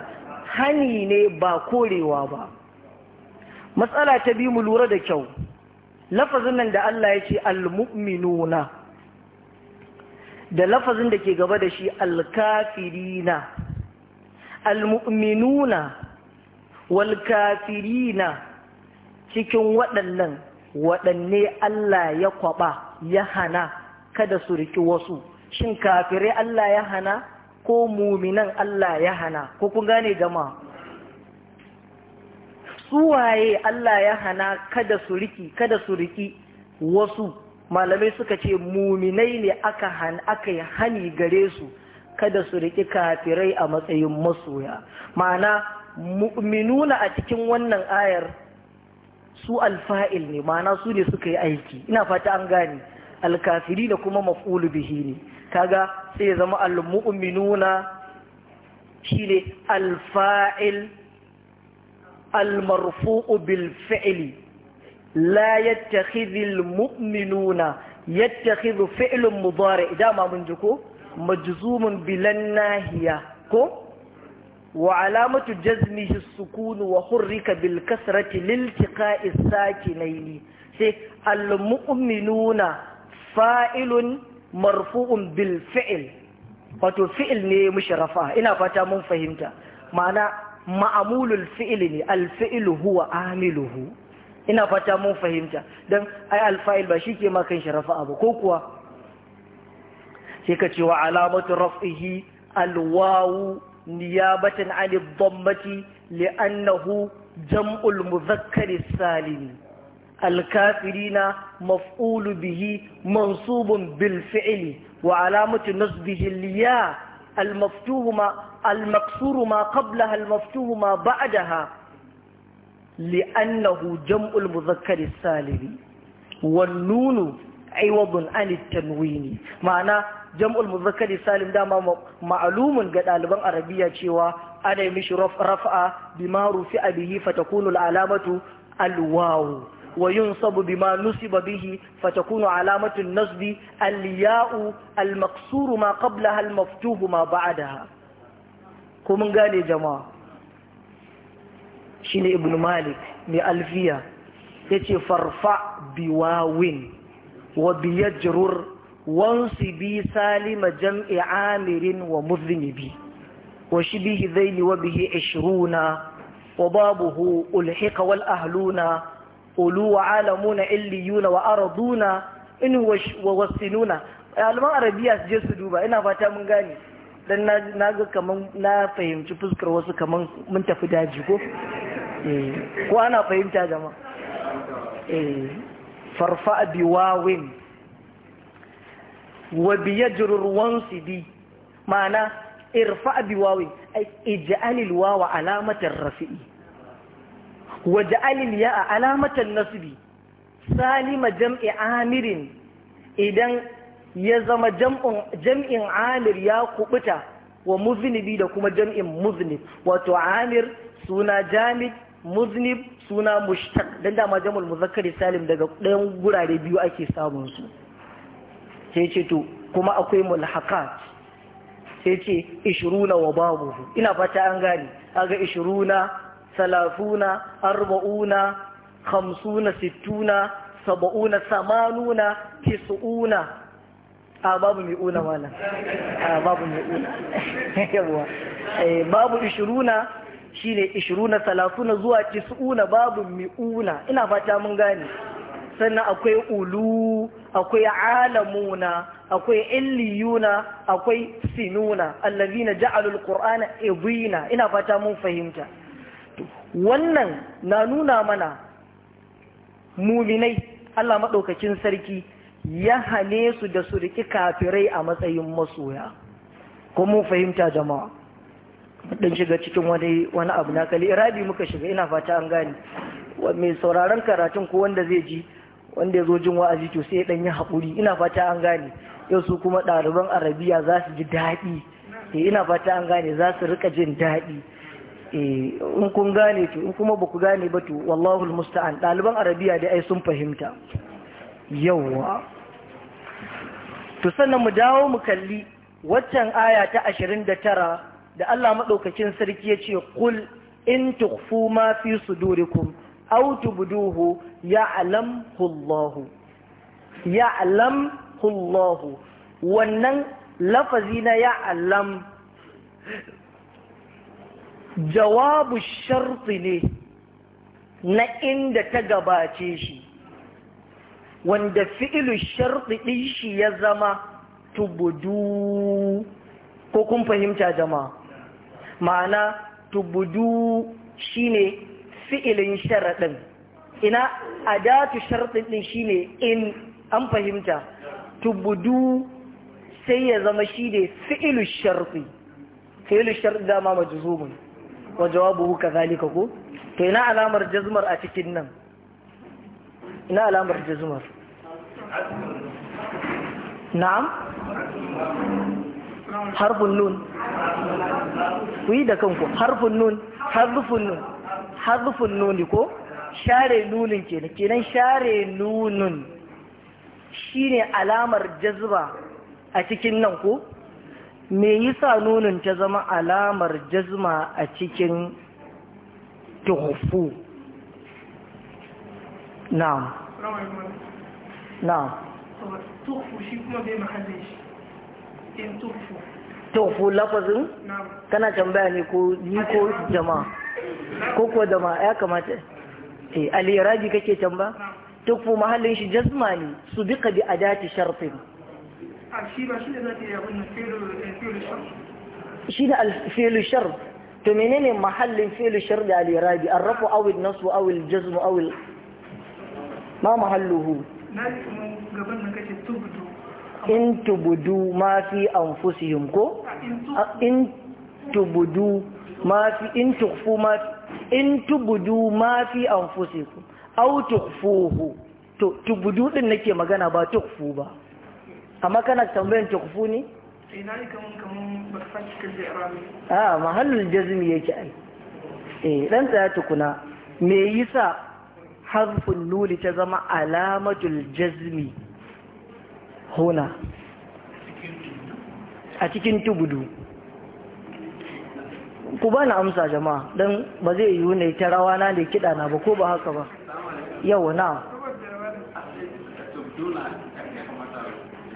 hani ne ba korewa ba matsala ta biyu mu lura da kyau lafazin nan da Allah ya ce almu'minuna da lafazin da ke gaba da shi alkafirina almu'minuna wal kafirina cikin waɗannan waɗanne Allah ya kwaba ya hana kada su riki wasu shin kafirai Allah ya hana ko muminan Allah ya hana ko kun gane su suwaye Allah ya hana kada su riki kada su riki wasu malamai suka ce muminai ne aka aka hani gare su kada su riki kafirai a matsayin masoya ma'ana mu'minuna a cikin wannan ayar su alfa'il ne ma'ana su ne suka yi aiki ina fata an gane alkafiri da kuma maf'ulu bihi ne kaga sai ya zama almu'minuna shine alfa'il almarfu'u bil fi'li la yattakhidhul mu'minuna yattakhidhu fi'lun mudari dama mun ji ko majzumun bilan nahiya ko وعلامة جزمه السكون وحرك بالكسرة لالتقاء الساكنين المؤمنون فائل مرفوع بالفعل wato fi'il ne mishi rafa ina fata mun fahimta ma'ana ma'amulul fi'il ne alfi'ilu huwa amiluhu ina fata mun fahimta don ai alfa'il ba shi ke makan shi rafa'a ba ko kuwa sai kace wa alamatu raf'ihi alwawu نيابة عن الضمة لأنه جمع المذكر السالم الكافرين مفعول به منصوب بالفعل وعلامة نصبه الياء المفتوح ما المكسور ما قبلها المفتوح ما بعدها لأنه جمع المذكر السالم والنون aiwabin anittanwini ma'ana jam'ul muzakkari salim dama ma'alumin ga ɗaliban arabiya cewa ana yi mishi bi ma rufi a bihi fatakunu al'alamatu alwawu wa yin sabu bi ma nusiba bihi fatakunu alamatun nasbi aliyau almaksuru ma kabla halmaftuhu ma ba'a da ha kuma gane jama'a shi ibn malik mai alfiya ya ce farfa biwawin وبيجرر وانصبي سالم جمع عامر ومذنب وشبه ذيل وبه عشرون وبابه ألحق والأهلون أولو عالمون إليون وأرضون إن ووسنون alman arabiya su je su duba من fata dan na na ga kaman na fahimci fuskar wasu kaman mun tafi daji ko eh ko ana fahimta jama'a eh farfa bi wawin wa bi yajrur bi ma'ana irfa bi wawin ay ij'alil wawa alamatan rafi'i wa ya'a alamatan nasbi salima jam'i amirin idan ya zama jam'in amir ya kubuta wa muznibi da kuma jam'in muznib wato amir suna jamid muznib suna mushtaq dan ma jamul muzakkari salim daga ɗayan gurare biyu ake samun su sai ce to kuma akwai mulhaqat sai ce ishiruna wa babu ina fata an gane aga ishiruna salafuna arba'una khamsuna sittuna saba'una samanuna tis'una a babu mai una wala a babu mai una yawa eh, babu ishiruna shine ishiruna 30 zuwa cisuna babu mi'una ina fata mun gane sannan akwai ulu akwai alamuna akwai illiyuna akwai sinuna allazina ja'alul qur'ana ibina ina fata mun fahimta wannan na nuna mana muminai Allah madaukakin sarki ya hane su da su riki kafirai a matsayin masoya ko mun fahimta jama'a dan shiga cikin wani wani abu na kali irabi muka shiga ina fata an gane mai sauraron karatun ko wanda zai ji wanda ya zo jin wa'azi to sai ɗan yi haƙuri ina fata an gane yau su kuma ɗaliban arabiya za su ji daɗi eh, ina fata an gane za su rika jin daɗi eh, in kun gane to in kuma baku gane ba to wallahu musta'an ɗaliban arabiya dai ai sun fahimta yawwa to sannan mu dawo mu kalli waccan aya ta 29 da Allah maɗaukacin sarki ya ce kul in tukfu ma fi sudurikum aw tubduhu ya'lamhu Allah ya'lamhu Allah wannan lafazi na ya'lam jawabu sharti ne na inda ta gabace shi wanda fi'ilu sharti ɗin shi ya zama tubudu ko kun fahimta jama'a ma'ana tubudu shine fi'ilin sharadin ina adatu sharadin din shine in an fahimta tubudu sai ya zama shi ne fi'ilu sharɗi fi'ilu sharɗi dama majzumun wa jawabuhu kazalika ko to ina alamar jazmar a cikin nan ina alamar jazmar na'am harfun nun ku yi da kanku harfun nun harfun nun harfun nun ko share nunin kenan kenan share nunun shine alamar jazba a cikin nan ko me yasa nunin ta zama alamar jazma a cikin tuhufu na'am na'am tuhufu shi kuma bai mahallin shi in tufu lafazin kana tambaya ne ko ni ko jama'a ko ko jama'a ya kamata eh aliraji kake tamba tufu mahallin shi jazma ne su bika bi adati sharfin shi ba shi da zai yi fi'lu eh, sharf shi to menene mahallin fi'lu sharf da aliraji arrafu aw an nasu aw al-jazm aw ma mahalluhu na gaban nan kake tubdu in tubudu ma fi anfusihim ko in tubudu ma fi in tukfu ma in tubudu ma fi anfusikum aw tukfuhu to tubudu din nake magana ba tukfu ba amma kana tambayan tukhfu ne Ah, mahallul jazmi yake ai eh dan tsaya tukuna me yasa harfin nuli ta zama alamatul jazmi hona a cikin tubudu ku ba na amsa jama'a don ba zai yiwu ne ta rawa na da kiɗa na ba ko ba haka ba yau na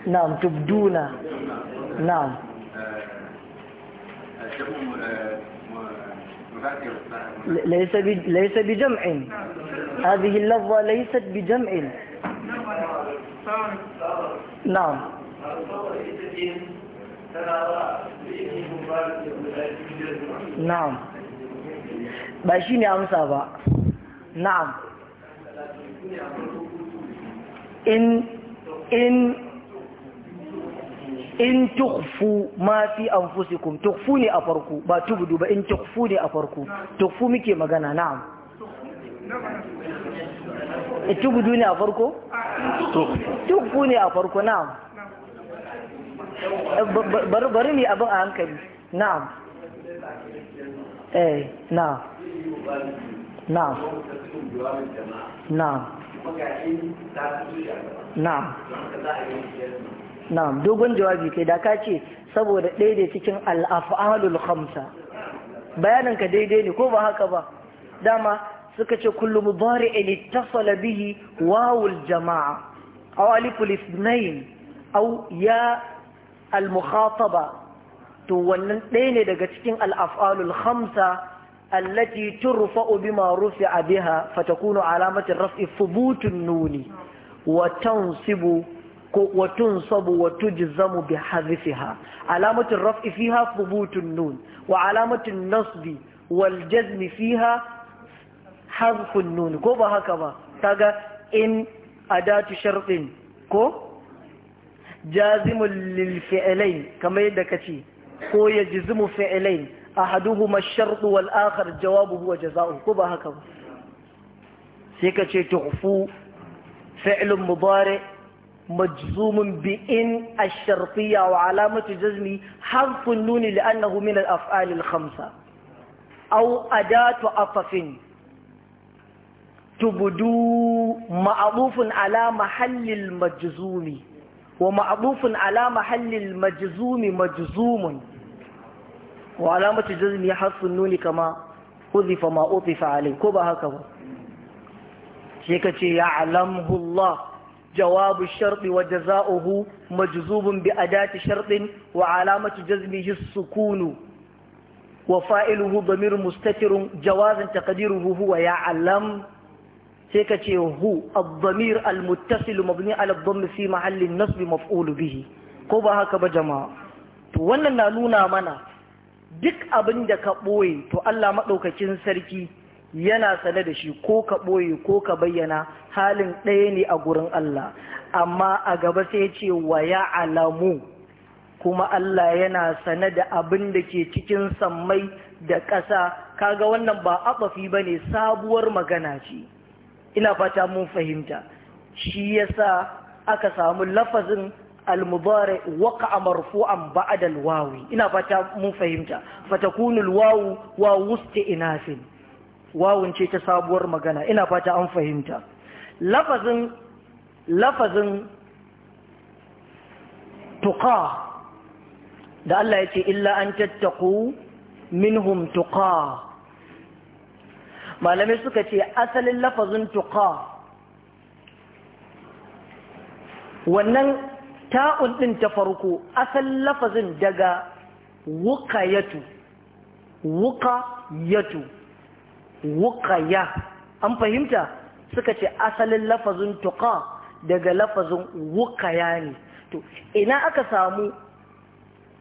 na tubduna na ليس بجمع هذه اللفظة ليست بجمع na'am na'am ba shi ne amsa ba na'am in in in tukfu ma fi anfusikum tukfu ne a farko ba tubdu ba in tukfu ne a farko tukfu muke magana na'am tubudu ne a farko? tubu ne a farko na'am eh, bari ne abin a hankali na'am eh na'am na'am na'am na'am na'am dogon jawabi kai da ka ce saboda ɗaya da cikin al'afa'alul khamsa bayaninka daidai ne ko ba haka ba dama suka ce kullu mudari'in tafala bihi wawul jama'a aw aliful ithnain ya al mukhataba to wannan ɗaya ne daga cikin al af'alul khamsa allati turfa'u marufi a biha fatakunu alamati raf'i thubutun nuni wa tansibu wa tunsabu wa tujzamu bi hadfiha alamatu raf'i fiha thubutun nun wa alamatu nasbi wal jazmi fiha harfin nun ko ba haka ba kaga in adatu sharfin ko jazimul lil fi'lain kamar yadda kace ko yajzimu fi'lain ahaduhuma ash-shart wal akhar jawabuhu ko ba haka ba sai kace tuhfu fi'lun mudari majzumun bi in ash-shartiyya wa alamati jazmi harfin nun li'annahu min al-af'al al-khamsa aw adatu afafin tubudu ma'abufin alama hallil majzumi wa ma'abufin alama hallil majzumi majzumun wa alamati jazmi harfin nuni kama huzifa ma'ufi fa'alin ko ba haka ba shi ka ce ya alamhullah jawabu sharɗi wa jaza'uhu majzumun bi adati sharɗin wa alamati jazmi hissukunu wa fa’iluhu ba mustatirun jawazin takadiruhu huwa ya alamhullah sai ka ce hu abdamir almuttasilu mabni ala dhamm fi mahallin nasbi maf'ul bihi ko ba haka ba jama'a to wannan na nuna mana duk abin da ka ɓoye to Allah maɗaukacin sarki yana sane da shi ko ka ɓoye ko ka bayyana halin ɗaya ne a gurin Allah amma a gaba sai ce wa ya alamu kuma Allah yana sane da abin da ke cikin sammai da ƙasa kaga wannan ba abafi ba ne sabuwar magana ce ina fata mun fahimta shi yasa aka samu lafazin al-mudari waqa'a marfu'an ba'da wawi ina fata mun fahimta fatakunu wawu wa inafin. wawun ce ta sabuwar magana ina fata an fahimta lafazin lafazin da Allah ya ce illa an tattaku minhum tuqa malamai suka ce asalin lafazin tuqa wannan ta'un ɗin ta farko asalin lafazin daga wuqayatu wuqayatu wuqaya an fahimta suka ce asalin lafazin tuqa daga lafazin wuqaya ne to ina aka samu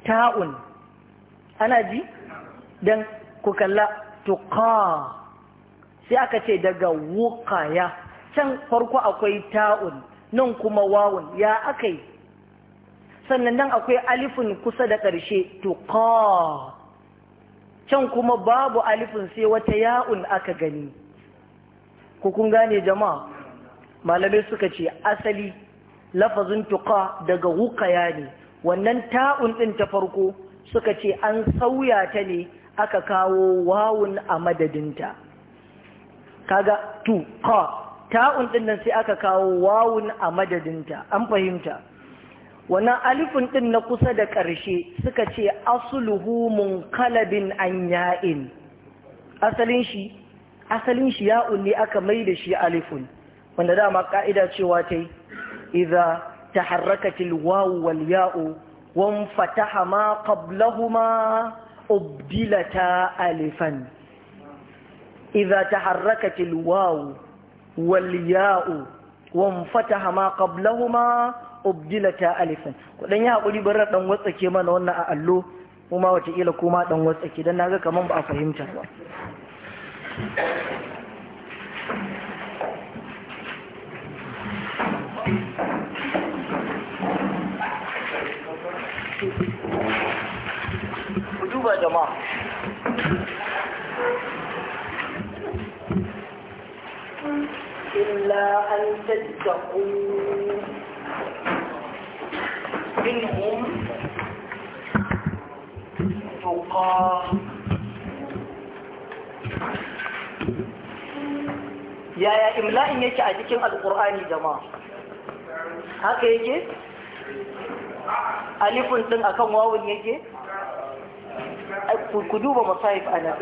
ta'un ana ji dan ku kalla tuqa sai aka ce daga wukaya can farko akwai ta'un nan kuma wawun ya yi sannan nan akwai alifin kusa da ƙarshe tuqa can kuma babu alifin sai wata ya'un aka gani kukun kun gane jama'a malamai suka ce asali lafazin tuqa daga wukaya ne wannan ta'un ɗin ta farko suka ce an sauya ta ne aka kawo wawun a madadinta kaga tu ka ta'un din nan sai aka kawo wawun a madadinta an fahimta wannan alifin din na kusa da ƙarshe suka ce asluhu munqalabin an ya'in asalin shi asalin shi ya'un ne aka mai da shi alifun wanda dama ka'ida cewa ta yi ta harrakatil wawu wal ya'u wan fataha ma qablahuma ubdilata alifan Iza ta haraka إذا wani fata hama kabla huma قبلهما ta alifin kudan ya hakuri bar dan ke mana wannan a allo kuma watakila kuma dan watsake dan naga kaman ba a fahimta ba duba jama'a إلا أن تتقوا منهم تقى يا يا إملاء يكي أجيكم القرآن جماعة haka yake alifin din akan wawun yake ku duba masahif ana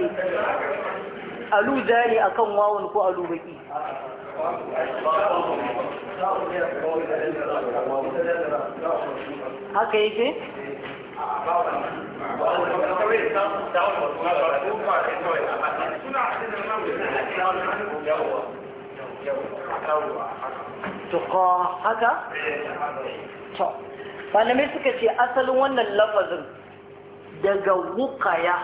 alu jari akan wawun ko alu baki haka yake? tuka haka? to malamai suka ce asalin wannan lafazin daga wukaya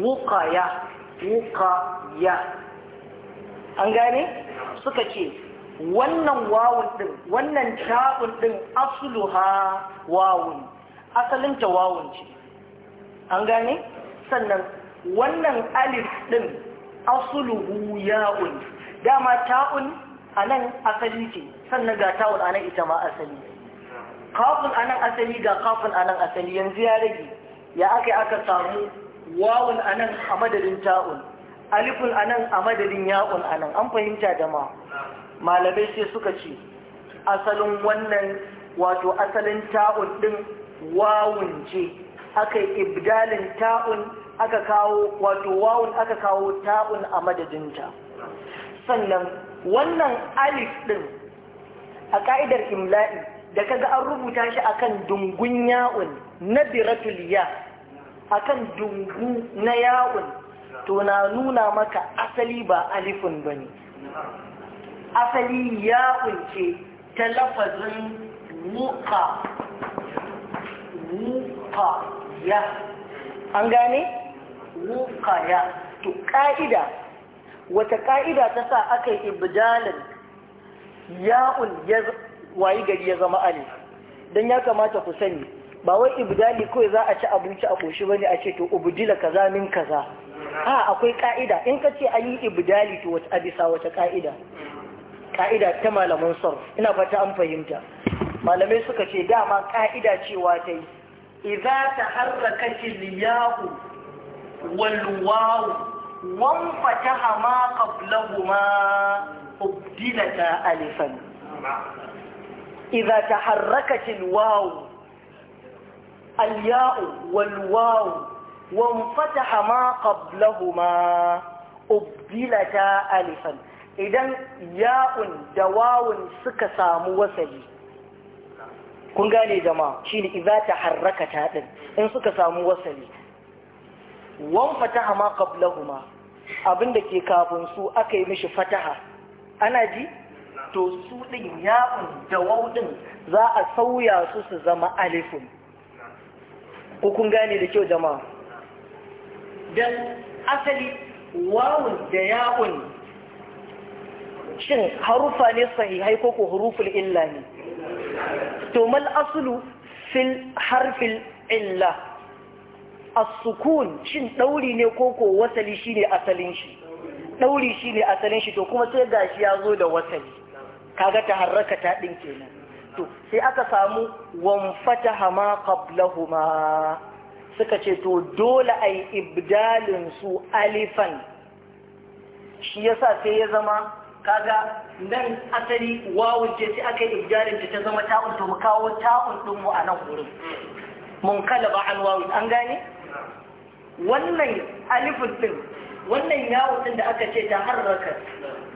wukaya wukaya an gane suka ce wannan wawun din wannan ta'un din asluha wawun asalin ta wawun ce an gane sannan wannan alif din asluhu ya'un dama ta'un anan asali ce sannan ga ta'un anan ita ma asali kafin anan asali ga kafin anan asali yanzu ya rage ya aka aka samu wawun anan a madadin ta'un alifun anan a madadin ya'un anan an fahimta da ma malabai sai suka ce asalin wannan wato asalin ta'un din wawun ce aka ibdalin ta'un aka kawo wato wawun aka kawo ta'un a madadinta sannan wannan alif din a ka'idar imla'i da kaga an rubuta shi akan dungun ya'un na biratul ya akan dungu na ya'un to na nuna maka asali ba alifin ba ne asali ya kunce ta lafazin muka muka ya an gane muka ya to ka'ida wata ka'ida ta sa aka yi ibdalin ya'un ya wayi gari ya zama Ali, don ya kamata ku sani ba wai ibdali kawai za a ci abinci a ƙoshi bane a ce to ubudila kaza min kaza a akwai ka'ida in ka ce an yi ibdali to wata abisa wata ka'ida ka'ida ta malaman sarf ina fata an fahimta malamai suka ce dama ka'ida cewa ta yi idza harraka al-yahu wal waw wan fataha ma qablahuma ubdilata alifan idza ta harraka al-ya'u وانفتح ما قبلهما أبدلتا ألفا إذن ياء دواو سكسام وسلي kun gane jama'a shine idza taharrakata din in suka samu wasali wan fataha ma qablahuma abinda ke kafin su aka mishi fataha ana ji to su din ya'un da waudin za a sauya su su zama alifun Ko kun gane da kyau jama'a don asali wawun da ya'un shin harufa ne sahihai ko ko huruful illa ne to mal asulu fil harfil illa as-sukun shin dauri ne ko ko wasali shine asalin shi dauri shine asalin shi to kuma sai gashi ya zo da wasali kaga ta harraka ta ɗin kenan to sai aka samu wan fataha ma qablahuma suka ce to dole a yi ibdalin su alifan shi yasa sai ya zama kaga nan asali wawun ce sai aka yi ibdalin ta ta zama ta'un to mu kawo ta'un din mu a nan gurin mun ba an wawun an gane wannan alifin din wannan yawon din da aka ce ta harraka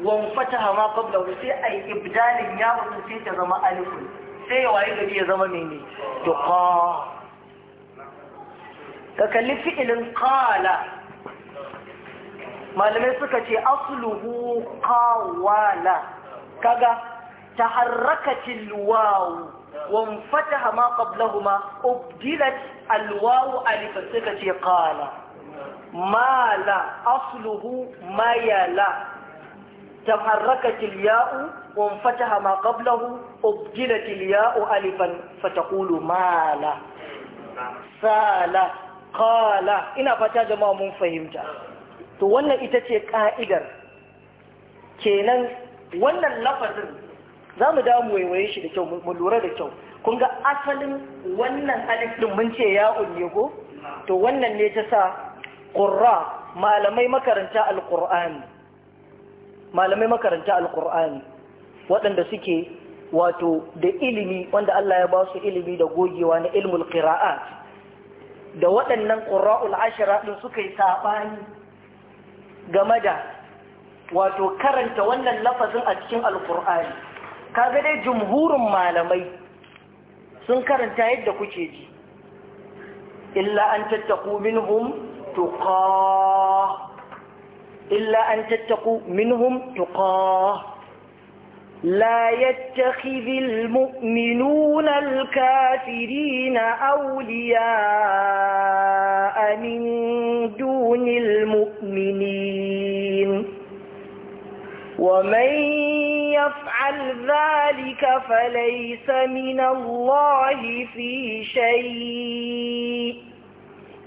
wan fataha ma qabla sai ai ibdalin yawon sai ta zama alifin sai ya waye gari ya zama mene ka ka kalli قال ما لم يسكت ce asluhu qawala كذا تحركت الواو وانفتح ما قبلهما أبدلت الواو ألف الثقة قال ما لا أصله ما يلا تحركت الياء وانفتح ما قبله أبدلت الياء ألفا فتقول ما لا سالا qala ina fata jama'a mun fahimta to wannan ita ce ka'idar kenan wannan lafazin za mu damu waiwaye shi da kyau mu lura da kyau kun ga asalin wannan alif din mun ce ya ulle ko to wannan ne ta sa qurra malamai makaranta alqur'ani malamai makaranta alqur'ani waɗanda suke wato da ilimi wanda Allah ya ba su ilimi da gogewa na ilmul qira'at da waɗannan ƙura'ul ashira ɗin suka yi saɓani game da wato karanta wannan lafazin a cikin alƙur'ani kaga dai jumhurin malamai sun karanta yadda kuke ji illa an tattaku minhum tuqa illa an tattaku minhum tuqa لا يتخذ المؤمنون الكافرين أولياء من دون المؤمنين ومن يفعل ذلك فليس من الله في شيء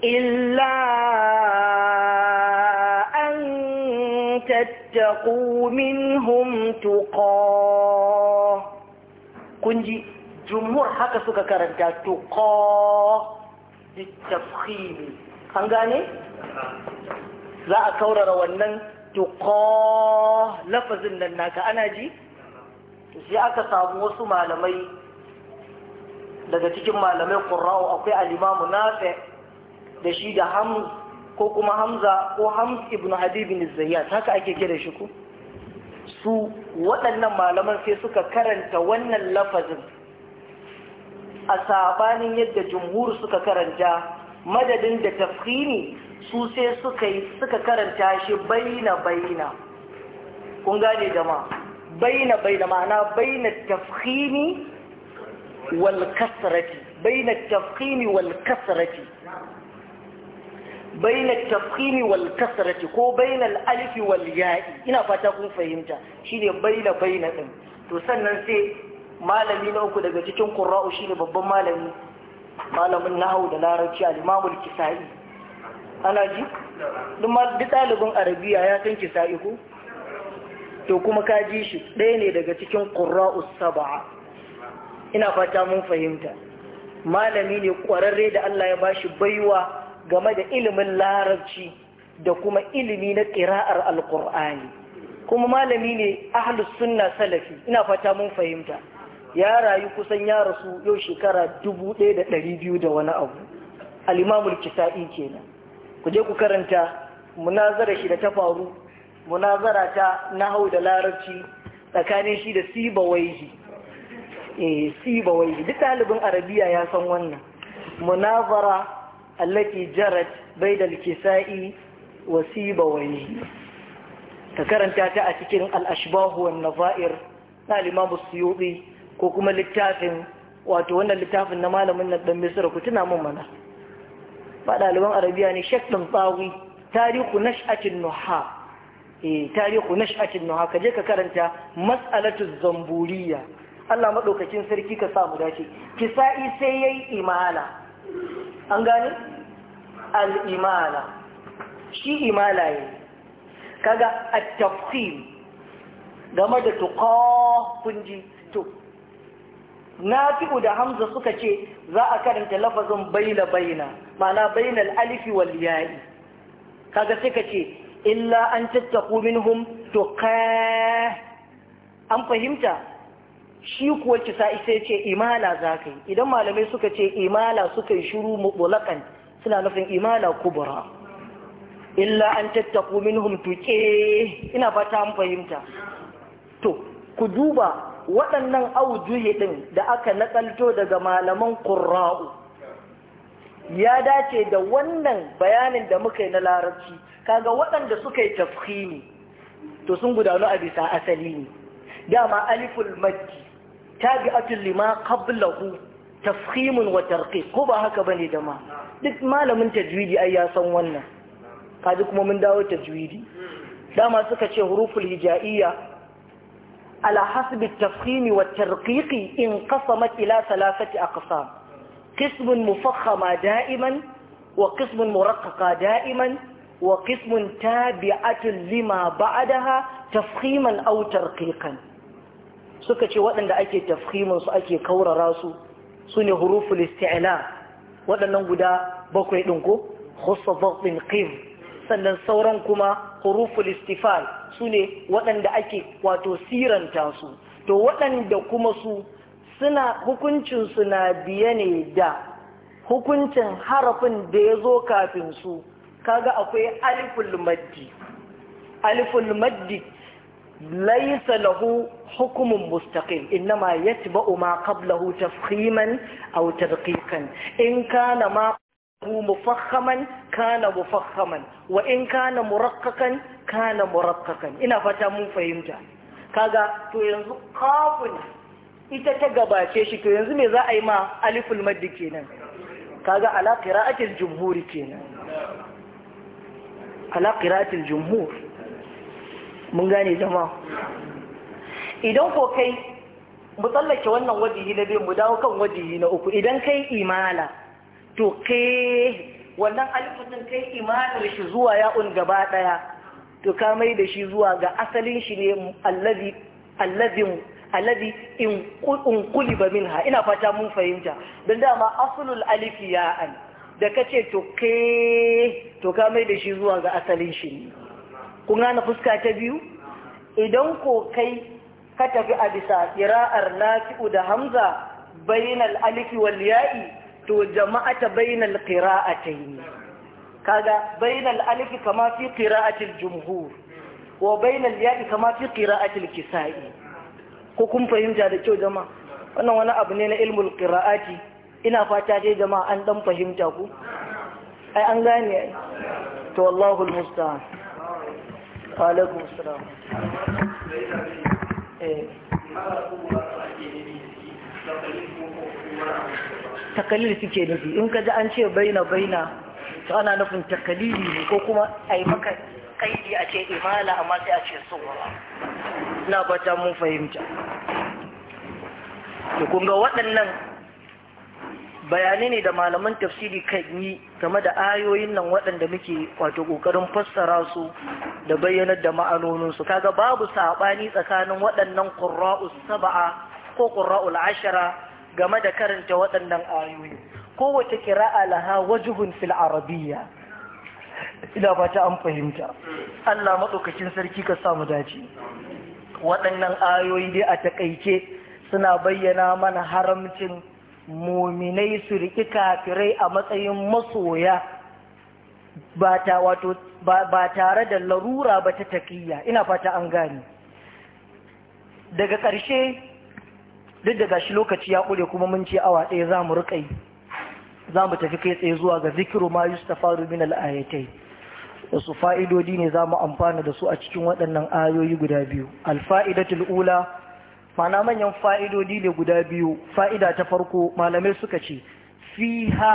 إلا واتقوا منهم تقاه كنجي جمهور حكا سكا كرنتا تقاه للتفخيم هنغاني za a kaurara wannan tuqa lafazin nan naka ana ji sai aka samu wasu malamai daga cikin malamai qurra'u akwai al-imamu nafi da shi da hamz ko kuma hamza ko hams ibn habibin zayyat haka ake kira shi ku su waɗannan malaman sai suka karanta wannan lafazin a sabanin yadda jumhur suka karanta madadin da tafkini su sai suka suka karanta shi baina baina kun gane jama'a baina baina ma'ana baina tafhini wal kasrati baina tafhini wal kasrati baina tafkhimi wal kasrati ko baina al alif wal ya'i ina fata kun fahimta shine baina baina din to sannan sai malami na uku daga cikin qurra'u shine babban malami malamin nahwu da larabci al-imam al-kisai ana ji duk ɗalibin arabiya ya san kisai ko to kuma ka ji shi ɗaya ne daga cikin qurra'u sab'a ina fata mun fahimta malami ne ƙwararre da Allah ya bashi baiwa game da ilimin larabci da kuma ilimi na ƙira'ar alƙur'ani kuma malami ne ahlus sunna salafi ina fata mun fahimta ya rayu kusan ya rasu yau shekara dubu ɗaya da ɗari biyu da wani abu al'imamul kisa'i kenan ku je ku karanta munazara shi da ta faru munazara ta nahau da larabci tsakanin shi da sibawaihi eh sibawaihi duk ɗalibin arabiya ya san wannan munazara allati jarat baidal kisa'i wa sibawayhi ka karanta ta a cikin al-ashbah wa nazair na al-imam suyuti ko kuma littafin wato wannan littafin na malamin nan dan Misra ku tuna mun mana ba ɗaliban arabiya ne shek ɗin tsawi tarihu nash'atin nuha eh tarihu nash'atin nuha ka je ka karanta mas'alatu zamburiya Allah madaukakin sarki ka sa mu dace kisa'i sai yayi imala an gane al'imala shi imala ne kaga a tafsir game da tuƙa kunji to na fi'u da hamza suka ce za a karanta lafazin baina baina mana bainal alifi wal yayi kaga sai ka ce illa an tattaku minhum tuqa an fahimta shi kuwa sa sai ce imala za ka yi idan malamai suka ce imala suka yi shuru mutulakan suna nufin imala kubra illa an tattaku minhum tuƙe ina fata an fahimta to ku duba waɗannan aujuhi ɗin da aka nakalto daga malaman kurra'u, ya dace da wannan bayanin da muka yi na larabci kaga waɗanda suka yi tafhimi to sun gudanu a bisa asali ne dama aliful majji tabi'atul lima qablahu tafhimun wa tarqiq ko ba haka ba ne jama'a duk malamin tajwidi ai ya san wannan kaji kuma mun dawo tajwidi dama suka ce huruful hijaiyya ala hasbi at-tafhim wa at-tarqiq inqasamat ila thalathati aqsam قسم مفخمة دائما murakkaka da'iman wa وقسم tabi'atun lima بعدها tafhiman أو ترقيقا suka ce waɗanda ake tafhimin su ake kaurara su su ne huruful isti'la waɗannan guda bakwai ɗin ko khussa dhadin sannan sauran kuma huruful istifal su ne waɗanda ake wato siranta su to waɗanda kuma su suna hukuncin su na biya ne da hukuncin harafin da ya zo kafin su kaga akwai alifulmaddi. Alifulmaddi. laisa lahu hukumun mustaqim innama yatba'u ma qablahu tafkhiman aw tadqiqan in kana ma mufakhaman kana mufakhaman wa in kana murakkakan kana murakkakan ina fata mun fahimta kaga to yanzu kafin ita ta gabace shi to yanzu me za a yi ma aliful maddi kenan kaga ala qira'atil jumhur kenan ala qira'atil jumhur mun gane jama'a idan ko kai mu tsallake wannan wajihi na biyu mu dawo kan wajihi na uku idan kai imana to ke wannan alifin kai imalar shi zuwa ya'un gaba daya to ka mai da shi zuwa ga asalin shi ne allazi allazin allazi in quliba minha ina fata mun fahimta dan dama aslul alif ya'an da kace to kai to ka mai da shi zuwa ga asalin shi ne kun gane fuska ta biyu idan ko kai ka tafi a bisa ƙira'ar nafi'u da hamza bainal aliki wal ya'i to jama'a ta bainal ne. kaga bainal aliki kama fi qira'atil jumhur wa bainal ya'i kama fi qira'atil kisa'i ko kun fahimta da kyau jama'a wannan wani abu ne na ilmul qira'ati ina fata dai jama'a an dan fahimta ku ai an gane ai to wallahul musta'an alaikum salam takalil suke nufi in ka ji an ce baina baina to ana nufin takalili ne ko kuma a yi maka kaidi a ce imala amma sai a ce tsohuwa na bata mun fahimta da kunga waɗannan Bayani ne da malaman tafsiri kan yi game da ayoyin nan waɗanda muke wato ƙoƙarin fassara su da bayyanar da ma'anoninsu kaga babu saɓani tsakanin waɗannan ƙurra'u saba'a ko ƙurra'ul ashara game da karanta waɗannan ayoyi kowace kira'a laha wajuhun fil arabiyya ina ta an fahimta Allah maɗaukakin sarki ka samu dace waɗannan ayoyi dai a taƙaice suna bayyana mana haramcin muminai su riki kafirai a matsayin masoya ba tare da larura ba ta takiyya ina fata an gani daga ƙarshe duk da gashi lokaci ya ƙure kuma mun ce awa ɗaya za mu riƙa za mu tafi kai tsaye zuwa ga zikiru ma yustafaru min al'ayatai su fa'idodi ne za mu amfana da su a cikin waɗannan ayoyi guda biyu alfa'idatul ula mana manyan fa'idodi ne guda biyu fa'ida ta farko malamai suka ce fiha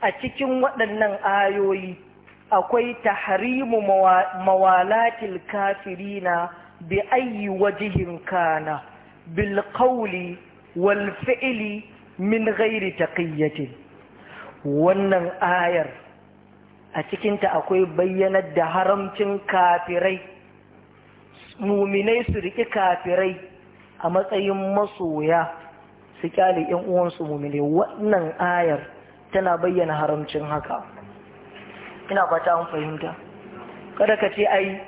a cikin waɗannan ayoyi akwai ta Harimu mawalatil na bi ayi wajihin kana bil qawli wal gairi min ghairi wannan ayar a cikinta akwai bayyanar da haramcin kafirai muminai su riƙi kafirai a matsayin masoya su kyale ‘yan uwansu mumine wannan ayar tana bayyana haramcin haka ina fata an fahimta kada ka ce ai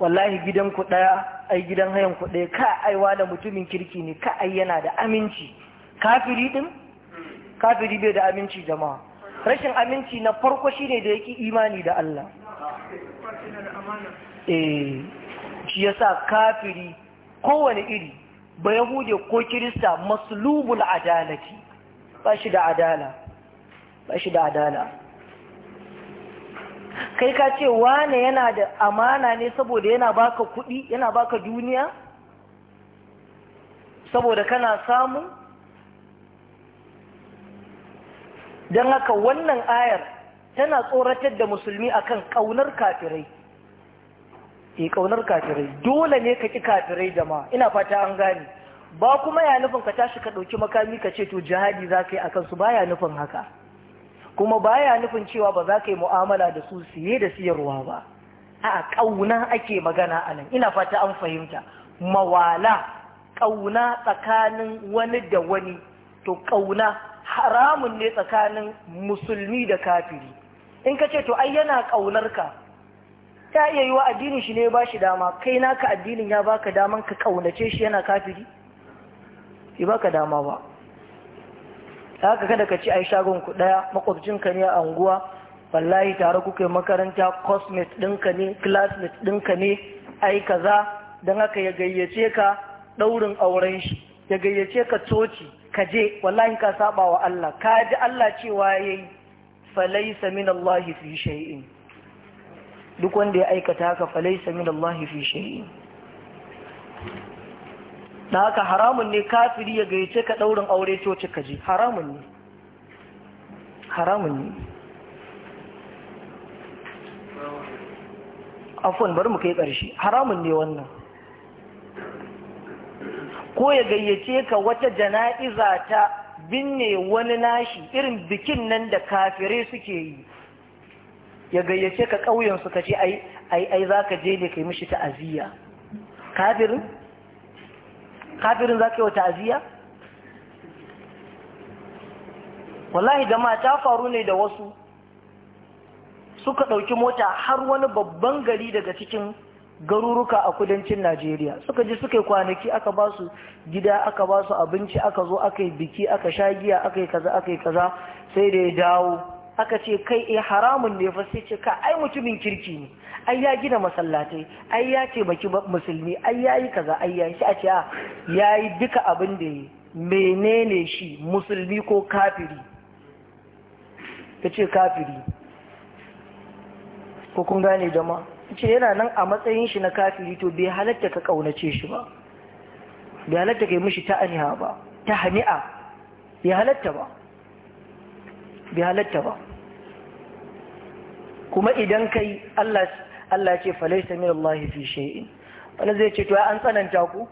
wallahi gidan ku daya ai gidan hayan ku daya ka aiwa da mutumin kirki ne ka ai yana da aminci kafiri din kafiri bai da aminci jama'a rashin aminci na farko shine da yake imani da Allah eh shi yasa kafiri kowane iri ba yahude ko kirista maslubul adalati ba shi da adala ba shi da adala kai ka ce wane yana da amana ne saboda yana baka kuɗi yana baka duniya saboda kana samu don haka wannan ayar tana tsoratar da musulmi akan kaunar kafirai E, eh, kaunar kafirai dole ne ka ƙi kafirai jama'a ina fata an gane ba kuma ya nufin ka tashi ka ɗauki makami ka ce to jihadi za ka yi a kansu ba nufin haka kuma baya nufin cewa ba za ka yi mu'amala da su siye da siyarwa ba a ƙauna ake magana a nan ina fata an fahimta mawala ƙauna tsakanin wani da wani to ƙauna haramun ne tsakanin musulmi da kafiri in ka ce to ai yana ƙaunar ka ta iya yi wa addinin shi ne ba shi dama kai naka addinin ya baka daman ka kaunace shi yana kafiri ba baka dama ba haka kada ka ci yi shagon ku daya makwabcinka ne a unguwa, wallahi tare kuka makaranta cosmet ɗinka ne classmate ɗinka ne ai kaza don haka ya gayyace ka ɗaurin auren shi ya gayyace ka coci ka je wallahi ka saba wa Allah ka ji Allah cewa yayi falaisa min Allah fi shay'in duk wanda ya aikata haka falaisa min Allah fi shay'in da haka haramun ne kafiri ya gayyace ka daurin aure coci ka je haramun ne haramun ne afwan bari mu kai ƙarshe haramun ne wannan ko ya gayyace ka wata jana'iza ta binne wani nashi irin bikin nan da kafirai suke yi ya gayyace ka ƙauyensu ka ce ai ai za ka je ne ka yi mishi ta'aziyya kafirin kafirin za ka yi wa ta'aziyya wallahi dama ta faru ne da wasu suka ɗauki mota har wani babban gari daga cikin garuruka a kudancin Najeriya suka ji suka yi kwanaki aka ba su gida aka ba su abinci aka zo aka yi biki aka sha giya aka yi kaza aka yi kaza sai da ya dawo aka ce kai eh haramun ne fa sai ce ka ai mutumin kirki ne ai ya gina masallatai ai ya ce baki musulmi ai yayi kaza ai yayi shi a ce yayi duka abin da yi menene shi musulmi ko kafiri ta ce kafiri ko kun gane jama ce yana nan a matsayin shi na kafiri to bai halatta ka kaunace shi ba bai halatta ka yi mishi ta'aniha ba ta hani'a bai halatta ba bi halatta ba kuma idan kai Allah Allah ce falaisa min Allah fi shay'in wani zai ce to an tsananta ku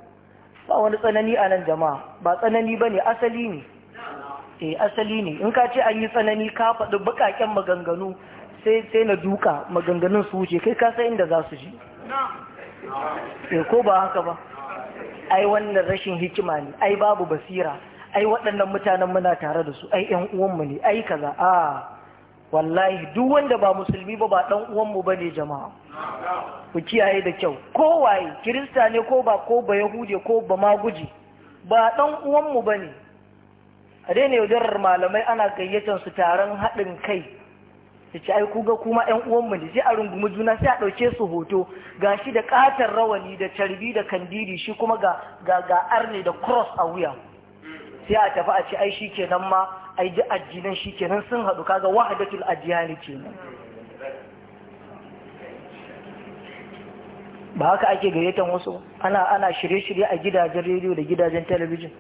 ba wani tsanani a nan jama'a ba tsanani bane asali ne eh asali ne in ka ce an yi tsanani ka faɗi bukaken maganganu sai sai na duka maganganun su wuce kai ka san inda za su je eh ko ba haka ba ai wannan rashin hikima ne ai babu basira ai waɗannan mutanen muna tare da su ai ƴan uwanmu ne ai kaza a wallahi duk wanda ba musulmi ba ba ɗan uwanmu ba ne jama'a ku kiyaye da kyau ko waye kirista ne ko ba ko ba yahude ko ba maguji ba ɗan uwanmu ba ne a daina yaudarar malamai ana gayyatar su taron haɗin kai da ci ai kuga kuma ƴan uwanmu ne sai a rungumi juna sai a ɗauke su hoto ga shi da ƙatar rawani da carbi da kandiri shi kuma ga ga arne da cross a wuya sai a tafi a ce ai shi kenan ma ai ji addinan shi kenan sun haɗu kaga wahadatul adiyani kenan ba haka ake gayyatan wasu ana ana shirye-shirye a gidajen rediyo da gidajen talabijin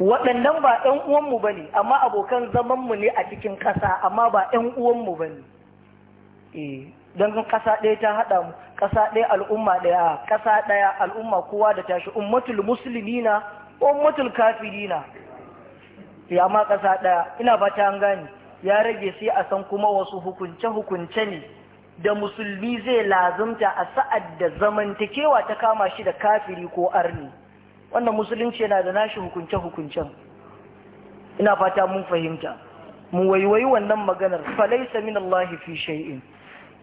waɗannan ba ‘yan uwanmu ba ne amma abokan mu ne a cikin ƙasa amma ba ‘yan uwanmu ba ne eh. don ƙasa ɗaya ta haɗa mu ƙasa ɗaya al'umma ɗaya ƙasa ɗaya al'umma kowa da tashi ummatul musulmi na ummatul na ya ma ƙasa ɗaya ina fata ta gane ya rage sai a san kuma wasu hukunce hukunce ne da musulmi zai lazumta a sa'ad da zamantakewa ta kama shi da kafiri ko arni wannan musulunci yana da nashi hukunce hukuncen ina fata mun fahimta mu waiwayi wannan maganar falaisa min Allah fi shay'in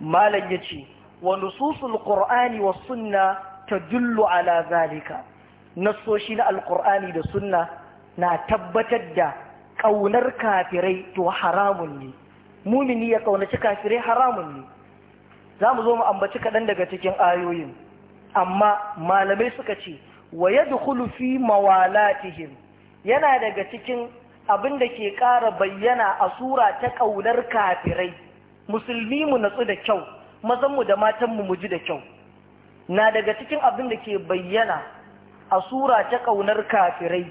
malam yace wa nususul qur'ani wa sunna tadullu ala zalika nasoshi na alqur'ani da sunna na tabbatar da ƙaunar kafirai to haramun ne mumini ya ƙaunaci kafirai haramun ne za mu zo mu ambaci kaɗan daga cikin ayoyin amma malamai suka ce wa yadkhulu fi mawalatihim yana daga cikin abin da ke ƙara bayyana a sura ta ƙaunar kafirai musulmi mu natsu da kyau mazanmu da matanmu mu ji da kyau na daga cikin abin da ke bayyana a sura ta ƙaunar kafirai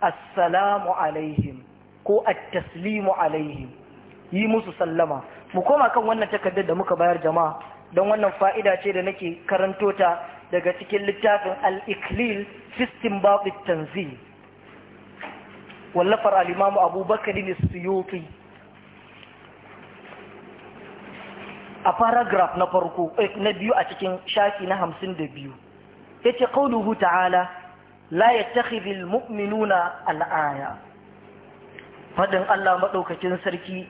assalamu alaihim ko attaslimu taslimu alaihim yi musu sallama mu koma kan wannan takardar da muka bayar jama'a don wannan fa'ida ce da nake karanto ta daga cikin littafin al-iklil fistin babu tanzi wallafar alimamu abubakar ne suyuti a paragraph na farko eh, na biyu a cikin shafi na hamsin da biyu ya ce ƙauluhu ta'ala la ya takhidil mu'minuna al'aya faɗin Allah maɗaukacin sarki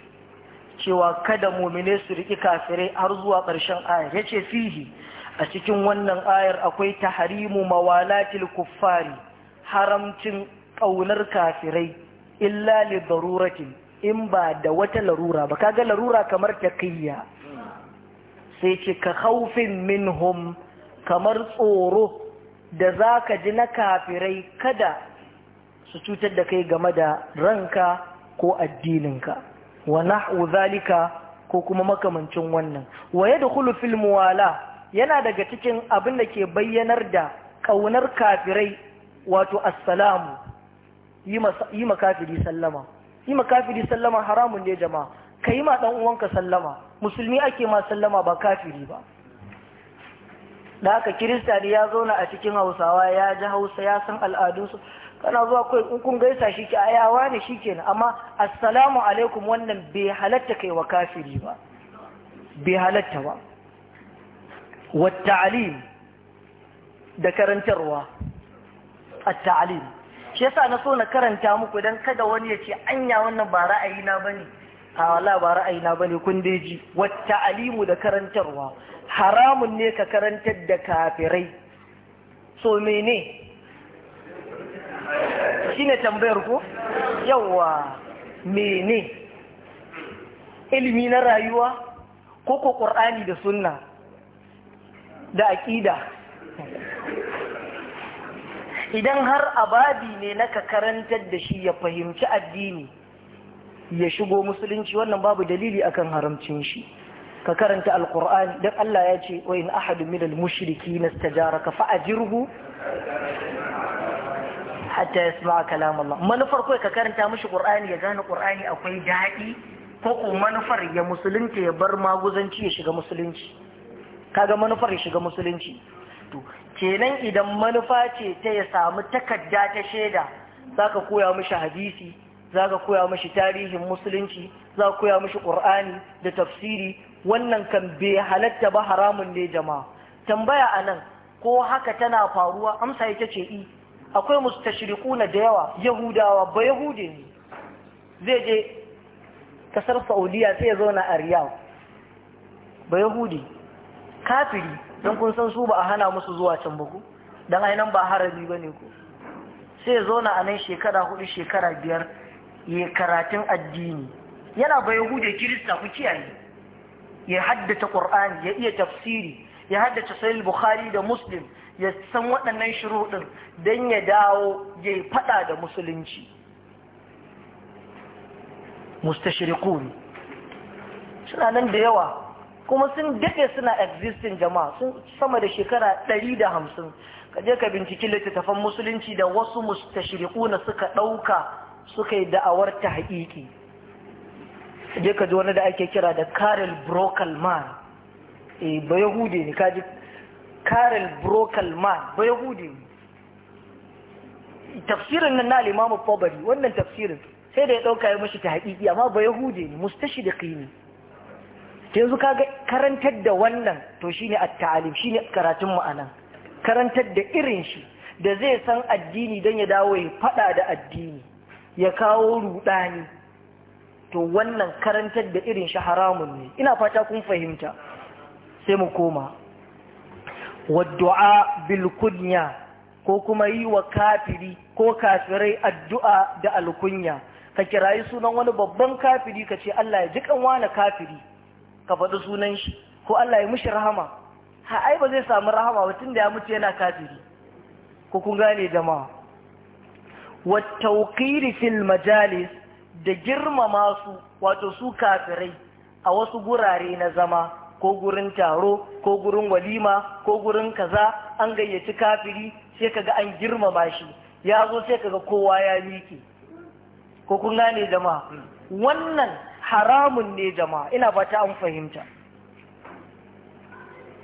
cewa kada mumine su riƙi kafirai har zuwa ƙarshen ayar ya ce fihi a cikin wannan ayar akwai ta taharimu mawalatil kuffari haramcin ƙaunar kafirai illa li in ba da wata larura ba Ka ga larura kamar takiyya sai ce ka haufin minhum kamar tsoro da za ka ji na kafirai kada su cutar da kai game da ranka ko addininka wa na'u zalika ko kuma makamancin wannan wa yadkhulu fil muwala yana daga cikin abin da ke bayyanar da ƙaunar kafirai wato assalamu yi ma kafiri sallama yi ma kafiri sallama haramun ne jama'a ka yi ma ɗan uwanka sallama musulmi ake ma sallama ba kafiri ba da haka kirista ne ya zauna a cikin hausawa ya ji hausa ya san al'adunsu kana zuwa kai kun gaisa shi ke ayawa ne shi ke amma assalamu alaikum wannan bai halatta kai wa kafiri ba bai halatta ba wa da karantarwa a taalim shi yasa na so na karanta muku dan kada wani ya ce anya wannan ba ra'ayi na bane a wala ba bane kun wata alimu da karantarwa haramun ne ka karantar da kafirai so mene shine tambayar ko yawa mene ilimi na rayuwa ko ko qur'ani da sunna da aƙida idan har abadi ne na ka karantar da shi ya fahimci addini ya shigo musulunci wannan babu dalili akan haramcin shi ka karanta alqur'ani dan Allah ya ce wa in ahadun min al-mushriki fa ajirhu hatta yasma kalam Allah manufar kai ka karanta mishi qur'ani ya gane qur'ani akwai daɗi ko ko manufar ya musulunta ya bar maguzanci ya shiga musulunci kaga manufar ya shiga musulunci to kenan idan manufa ce ta ya samu takadda ta shaida zaka koya mishi hadisi za ka koya mashi tarihin musulunci za ka koya mashi ƙur'ani da tafsiri wannan kan bai halatta ba haramun ne jama'a tambaya a nan ko haka tana faruwa amsa ita ce i akwai mustashriquna da yawa yahudawa ba yahude ne zai je kasar saudiya sai ya zauna a ba yahudi kafiri don kun san su ba a hana musu zuwa can ba ku don ainihin ba ba ne ku sai ya zauna a nan shekara hudu shekara biyar ya karatun addini yana bai kirista ku kiyaye ya haddata ƙur'ani ya iya tafsiri ya haddata sahih bukhari da muslim ya san waɗannan shuruɗin don ya dawo ya yi faɗa da musulunci mustashirikun suna nan da yawa kuma sun dade suna existing jama'a sun sama da shekara ɗari da hamsin. kaje ka binciki littattafan musulunci da wasu mustashirikuna suka ɗauka suka yi da'awar ta haƙiƙi je ka ji wani da ake kira da karel brokalman eh, ba hude ne kaji karel brokalman ba hude ne tafsirin nan na limamu fobari wannan tafsirin sai da ya ɗauka ya mashi ta haƙiƙi amma ba hude ne mustashi da ƙini yanzu ka ga karantar da wannan to shi ne a taalim ne karatun mu karantar da irin shi da zai san addini don ya dawo ya faɗa da addini ya kawo rudani to wannan karantar da irin shi haramun ne ina fata kun fahimta sai mu koma wadda'a bil kunya ko kuma yi wa kafiri ko kafirai addu'a da alkunya ka kirayi sunan wani babban kafiri ka ce Allah ya ji kanwa na kafiri ka faɗi sunan shi ko Allah ya mushi rahama ha ai ba zai samu rahama ba tunda ya mutu yana kafiri ko kun gane jama'a wattauƙiri fil majalis da girmama su wato su kafirai a wasu gurare na zama ko gurin taro ko gurin walima ko gurin kaza an gayyaci kafiri sai kaga an girmama shi ya zo sai kaga kowa ya miki ko kun gane jama'a wannan haramun ne jama'a ina fata ta an fahimta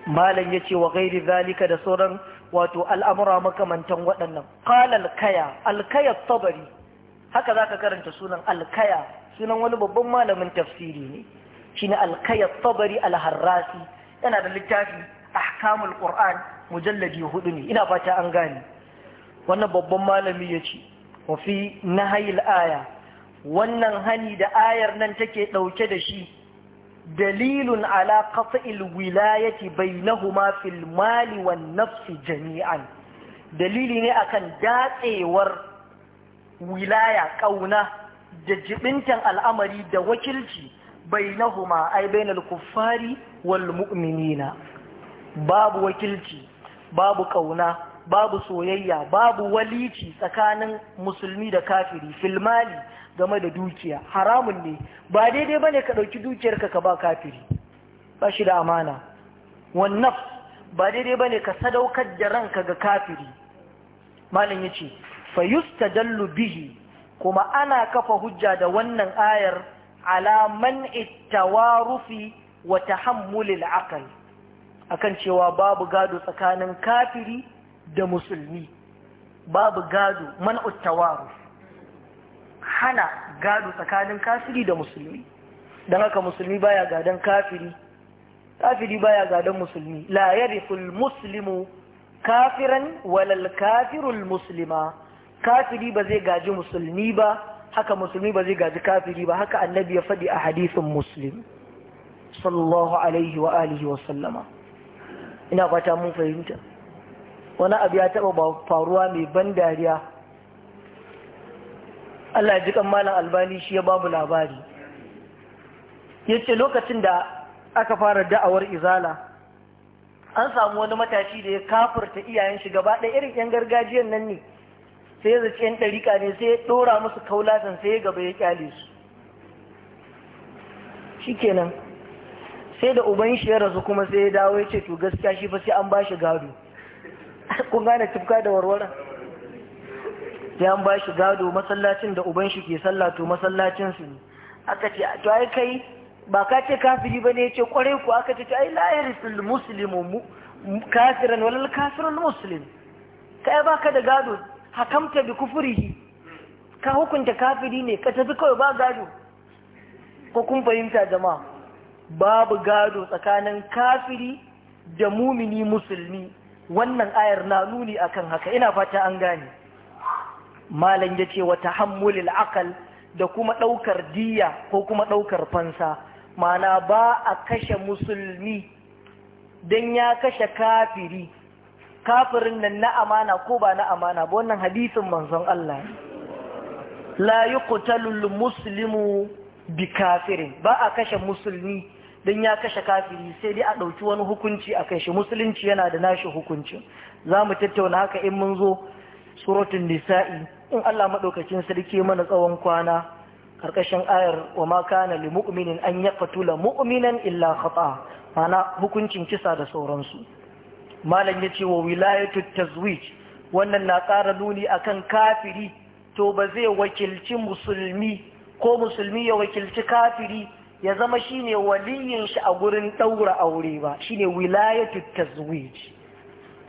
malam yace wa ghairi zalika da sauran wato al'amura makamantan waɗannan qala al-kaya al tabari haka zaka karanta sunan alkaya sunan wani babban malamin tafsiri ne shine al-kaya tabari yana da littafi ahkamul qur'an mujalladi hudu ne ina fata an gane wannan babban malami ce. wa na nahayil aya wannan hani da ayar nan take ɗauke da shi dalilun ala qat'il wilayati bainahuma fil mali wan nafsi jami'an dalili ne akan datsewar wilaya ƙauna da jibintan al'amari da wakilci bai bainahuma ai bainal kuffari wal mu'minina babu wakilci babu ƙauna, babu soyayya babu walici tsakanin musulmi da kafiri filmali game da dukiya haramun ne ba daidai bane ka ɗauki dukiyarka ka ba kafiri ba shi da amana wannan ba daidai bane ka sadaukar da ranka ga kafiri malam yace fa yustadallu bihi kuma ana kafa hujja da wannan ayar ala man tawarufi wa tahammulil aql akan cewa babu gado tsakanin kafiri da musulmi babu gado man'ut tawaruf hana gado tsakanin kafiri da musulmi don haka musulmi baya gadon kafiri kafiri baya gadon musulmi la yarithul muslimu kafiran walal kafirul muslima kafiri ba zai gaji musulmi ba haka musulmi ba zai gaji kafiri ba haka annabi ya faɗi a hadisin muslim sallallahu alaihi wa alihi wa sallama ina fata mun fahimta wani abu ya taɓa faruwa mai ban dariya Allah ji kan malam albani shi ya babu labari ya ce lokacin da aka fara da'awar izala an samu wani matashi da ya kafarta iyayen shi gaba ɗaya irin 'yan gargajiyan nan ne sai ya zaci 'yan ɗarika ne sai ya ɗora musu kaulatan sai ya gaba ya kyale su shi kenan sai da uban shi ya rasu kuma sai ya dawo ya ce to gaskiya shi fa sai an ba shi gado kun gane tufka da warwara sai ba shi gado masallacin da uban shi ke sallah to masallacin su ne aka ce to ai kai ba ka ce kafiri bane yace kware ku aka ce ai la yarisul muslimu kafiran walal kafirul muslim kai baka da gado hakamta bi kufrihi ka hukunta kafiri ne ka tafi kawai ba gado ko kun fahimta jama'a babu gado tsakanin kafiri da mumini musulmi wannan ayar na nuni akan haka ina fata an gane malam ya ce wa tahammulil akal da kuma ɗaukar diya ko kuma ɗaukar fansa mana ba a kashe musulmi don ya kashe kafiri kafirin nan na amana ko ba na amana ba wannan hadisin manzon Allah la yuqtalul muslimu bi kafirin ba a kashe musulmi don ya kashe kafiri sai dai a ɗauki wani hukunci a kai musulunci yana da nashi hukunci. za mu tattauna haka in mun zo suratun nisa'i in Allah maɗaukacin sarki mana tsawon kwana karkashin ayar wa ma kana limu'uminin, an an yaqtula mu'minan illa khata mana hukuncin kisa da sauransu malam yace wa wilayatu tazwij wannan na ƙara nuni a kan kafiri to ba zai wakilci musulmi ko musulmi ya wakilci kafiri ya zama shine waliyin shi a gurin ɗaura aure ba shine wilayatu tazwij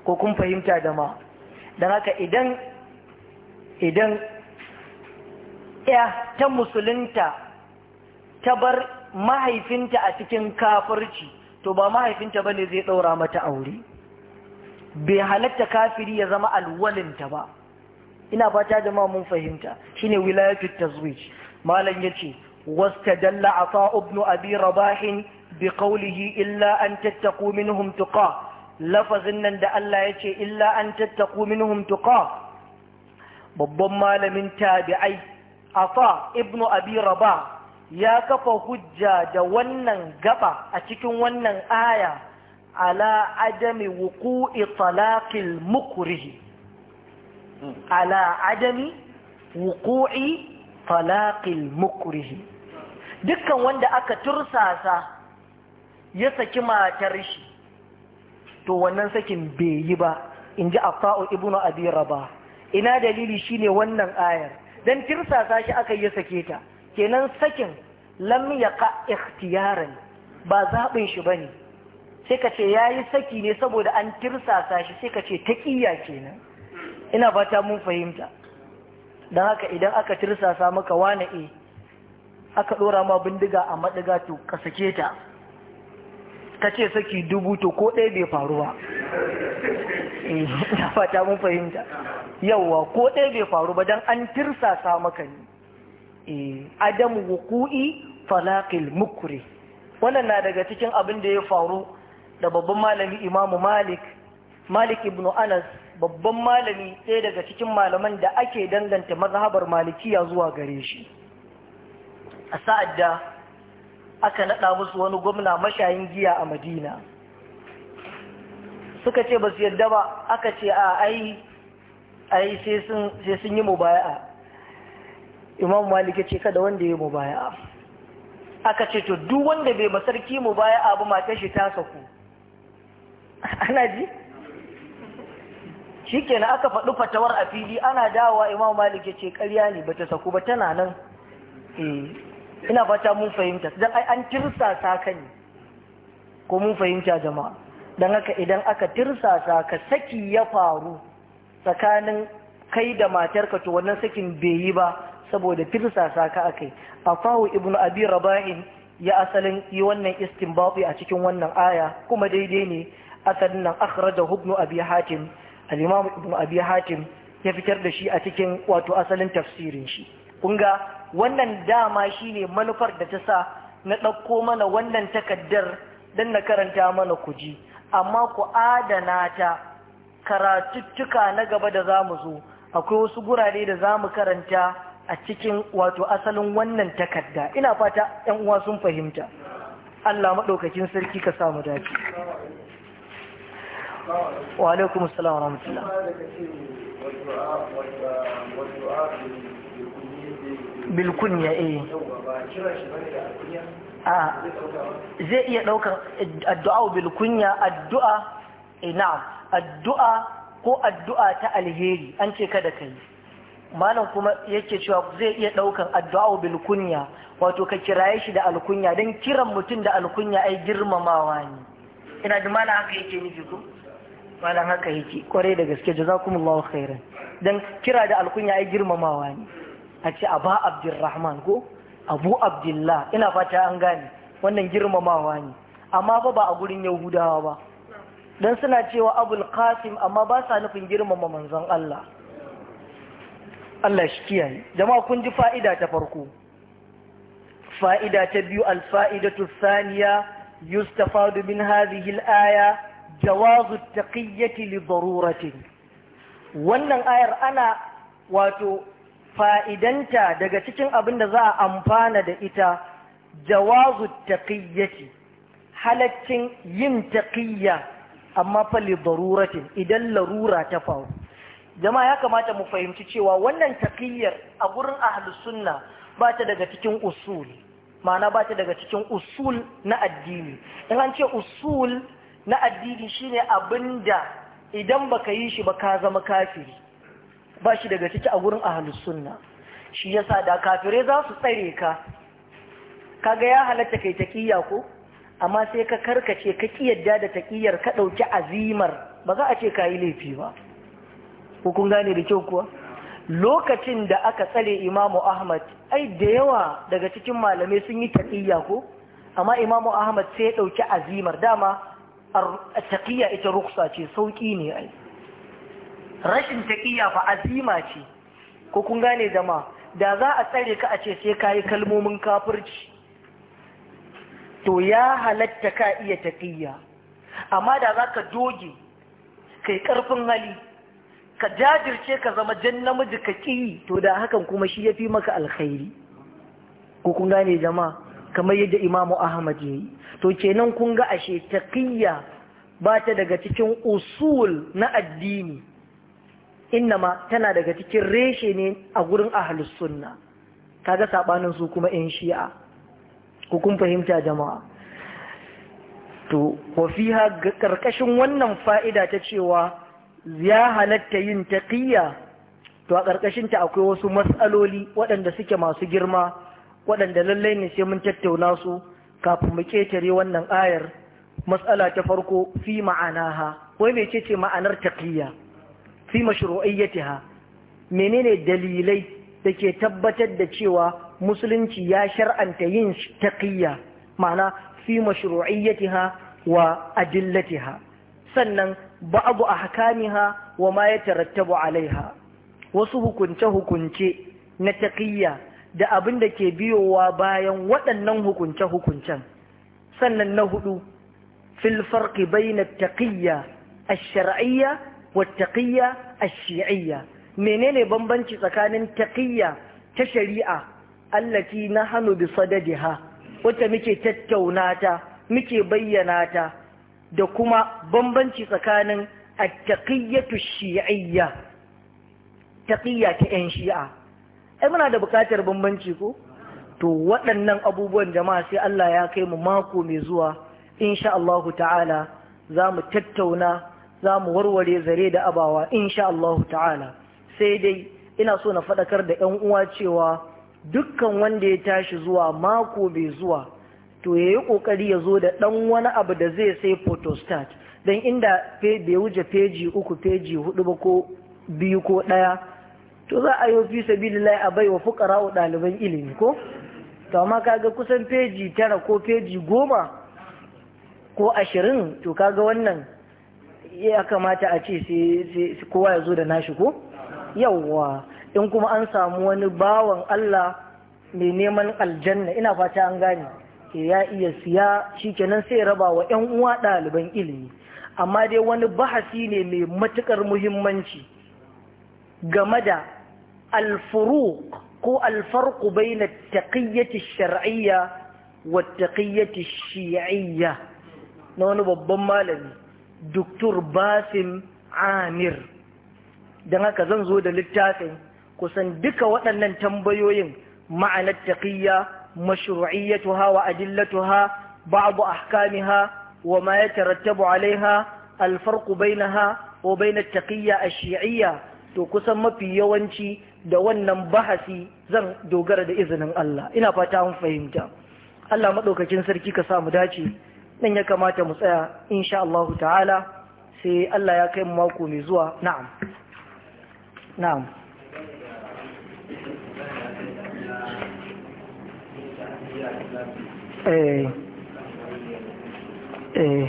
ko kun fahimta da ma dan haka idan idan ya ta musulunta ta bar mahaifinta a cikin kafirci to ba mahaifinta ne zai ɗaura mata aure bai halatta kafiri ya zama alwalinta ba ina fata jama'a mun fahimta shine wilayatul tazwij malam yace wastadalla ata ubnu abi rabah bi qawlihi illa an tattaqu minhum tuqa lafazin nan da Allah yace illa an tattaqu minhum tuqa babban malamin tabi'ai afa ibnu abi ba ya kafa hujja da wannan gaba a cikin wannan aya ala adami wuku'i talaqil mukrihi ala wuku'i talaqil Mukurihi dukkan wanda aka tursasa ya saki matar shi to wannan sakin bai yi ba inji afa'u ibnu abi ba. ina dalili shine wannan ayar dan tirsasa shi aka yi sake ta kenan sakin lam yaqa ikhtiyaran ba zaɓin shi bane sai ka ce yayi saki ne saboda an tirsasa shi sai kace ce taqiya kenan ina fata mun fahimta dan haka idan aka tirsasa maka wane e aka ɗora ma bindiga a maɗiga to ka sake ta ka ce saki dubu to ko ɗaya bai faru ba Ya eh, fata mun fahimta yawwa ko ɗaya bai faru ba don an tirsasa maka ne eh, adam wuku'i falakil mukure wannan na daga cikin abin da ya faru da babban malami imamu malik malik ibn anas babban malami ɗaya daga cikin malaman da ake danganta mazhabar malikiya zuwa gare shi a sa'adda. aka naɗa musu wani gwamna mashayin giya a madina suka ce ba su yadda ba aka ce a ai ai sai sun yi mubaya'a imam malik ce kada wanda ya yi mubaya'a aka ce to duk wanda bai masarki mubaya'a ba matan shi ta saku ana ji shikenan aka faɗi fatawar a fili ana dawowa imam malik ya ce ƙarya ne ta saku ba tana nan eh ina fata mun fahimta dan ai an tirsasa ka ne ko mun fahimta jama'a dan haka idan aka tirsasa ka saki ya faru tsakanin kai da matarka to wannan sakin bai yi ba saboda tirsasa ka akai afahu ibnu abi rabain ya asalin yi wannan istinbati a cikin wannan aya kuma daidai ne asalin nan akhraja ibnu abi hatim al-imam ibnu abi hatim ya fitar da shi a cikin wato asalin tafsirin shi kun wannan dama shine manufar da ta sa na ɗauko mana wannan takaddar don na karanta mana kuji amma ku adana ta karatuttuka na gaba da za mu zo akwai wasu gurare da za mu karanta a cikin wato asalin wannan takadda. ina fata 'yan uwa sun fahimta Allah maɗaukakin sarki ka samu dace wa alaikum assalam wa rahmatullah bilkunya eh a zai iya daukar addu'a bilkunya addu'a ina eh, addu'a ko addu'a ta alheri an ce kada kai malam kuma yake cewa zai iya daukan addu'a bilkunya wato ka kiraye shi da alkunya don kiran mutum da alkunya ai girmamawa ne ina da malam haka yake miki ko malam haka yake kwarai da gaske jazakumullahu khairan dan kira da alkunya ai girmamawa ne a ce aba abdulrahman ko abu abdullah ina fata an gane wannan girmamawa ne amma ba ba a gurin yahudawa ba don suna cewa abul qasim amma ba sa nufin girmama manzon Allah Allah shi kiyaye jama'a kun ji fa'ida ta farko fa'ida ta biyu alfa'idatu saniya yustafadu min hadhihi al-aya jawazu taqiyyati li daruratin wannan ayar ana wato fa'idanta daga cikin abin da za a amfana da ita jawazu taƙiyyaci, halaccin yin taƙiyya, amma fali baruratin idan larura ta faru jama'a ya kamata mu fahimci cewa wannan taƙiyyar a gurin ahal sunna ba ta daga cikin usul ma'ana ba ta daga cikin usul na addini in an ce usul na addini shi ne abin da idan baka yi shi ba ka zama kafiri ba shi daga ciki a gurin ahalus sunna shi yasa da kafirai za su tsare ka kaga ya halatta kai taƙiyya ko amma sai ka karkace ka kiyarda da taƙiyyar ka ɗauki azimar ba za a ce ka yi laifi ba ko kun gane da kyau kuwa lokacin da aka tsare imamu ahmad ai da yawa daga cikin malamai sun yi taƙiyya ko amma imamu ahmad sai ya ɗauki azimar dama taƙiyya ita ruksa ce sauƙi ne ai rashin taƙiyya fa azima ce ko kun gane jama da za a tsare ka a ce sai ka kalmomin kafirci to ya halatta ka iya taƙiyya amma da za ka doge kai ƙarfin hali ka jajirce ka zama jan namiji ka ƙi to da hakan kuma shi ya fi maka alkhairi ko kun gane jama kamar yadda imamu ahmad ya yi to kenan kun ga ashe taƙiyya ba ta daga cikin usul na addini innama tana daga cikin reshe ne a gurin ahlus sunna kaga sabanin su kuma in shi'a ku kun fahimta jama'a to wa ha karkashin wannan fa'ida ta cewa ya halatta yin taqiyya to a karkashin ta akwai wasu matsaloli waɗanda suke masu girma waɗanda lallai ne sai mun tattauna su kafin mu ketare wannan ayar matsala ta farko fi ma'anaha wai ce ma'anar taqiyya fi mashru'iyyatiha menene dalilai da ke tabbatar da cewa musulunci ya shar'anta yin taqiyya ma'ana fi mashru'iyyatiha wa adillatiha sannan babu ahkamiha wa ma yatarattabu alaiha wasu hukunce hukunce na taqiyya da abin da ke biyowa bayan waɗannan hukunce hukuncen sannan na hudu fil farqi bayna taqiyya ash-shar'iyya wa الشيعية منين بمبنشي سكان تقية تشريعة التي نحن بصددها وتمكي تتوناتا مكي بيناتا دكما بمبنشي سكان التقية الشيعية تقية كأن شيعة ai muna da bukatar bambanci ko to waɗannan abubuwan jama'a sai Allah ya kai mu mako mai zuwa insha Allahu ta'ala za mu tattauna za mu warware zare da abawa insha Allah ta'ala sai dai ina so na faɗakar da 'yan uwa cewa dukkan wanda ya tashi zuwa mako bai zuwa to ya yi ƙoƙari ya zo da ɗan wani abu da zai sai photostat don inda bai wuce feji uku feji hudu ba ko biyu ko ɗaya to za a yi fi sabilillahi a bai wa fukara wa ɗaliban ilimi ko to amma kaga kusan feji tara ko feji goma ko ashirin to kaga wannan ya kamata a ce sai kowa ya zo da nashi ko yawwa in kuma an samu wani bawan Allah mai neman aljanna ina fata an gane ya iya siya shi shikenan sai raba wa yan uwa ɗaliban ilimi amma dai wani bahasi ne mai matukar muhimmanci game da alfuru ko alfarku bai na taqiyyati shar'iyya wa taqiyyati shi'iyya na wani babban malami Dr. Basim Amir don haka zan zo da littafin kusan duka waɗannan tambayoyin ma'anar taqiyya tuha wa adillatuha ba'd ha, wa ma yatarattabu 'alayha al-farq ha, wa bain at a shiiyya to kusan mafi yawanci da wannan bahasi zan dogara da izinin Allah ina fata an fahimta Allah maɗaukakin sarki ka samu dace nan ya kamata mu tsaya insha Allah ta'ala sai Allah ya kai mu mako mai zuwa na'am na'am eh eh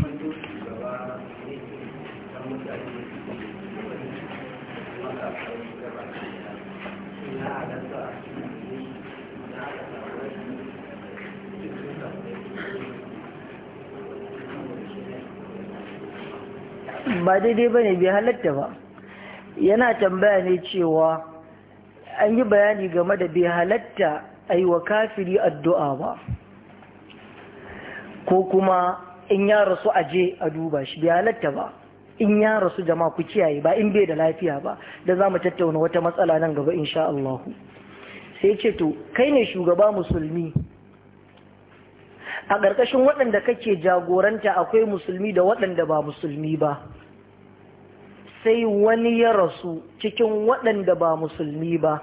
ba daidai ba ne bai halatta ba yana tambaya ne cewa an yi bayani game da bai halatta a yi wa kafiri addu'a ba ko kuma in ya rasu aje a duba shi bai halatta ba in ya rasu jama'a ku kiyaye ba in bai da lafiya ba da za mu tattauna wata matsala nan gaba insha Allah sai ce to kai ne shugaba musulmi a ƙarƙashin waɗanda kake jagoranta akwai musulmi da waɗanda ba musulmi ba sai wani ya rasu cikin waɗanda ba musulmi ba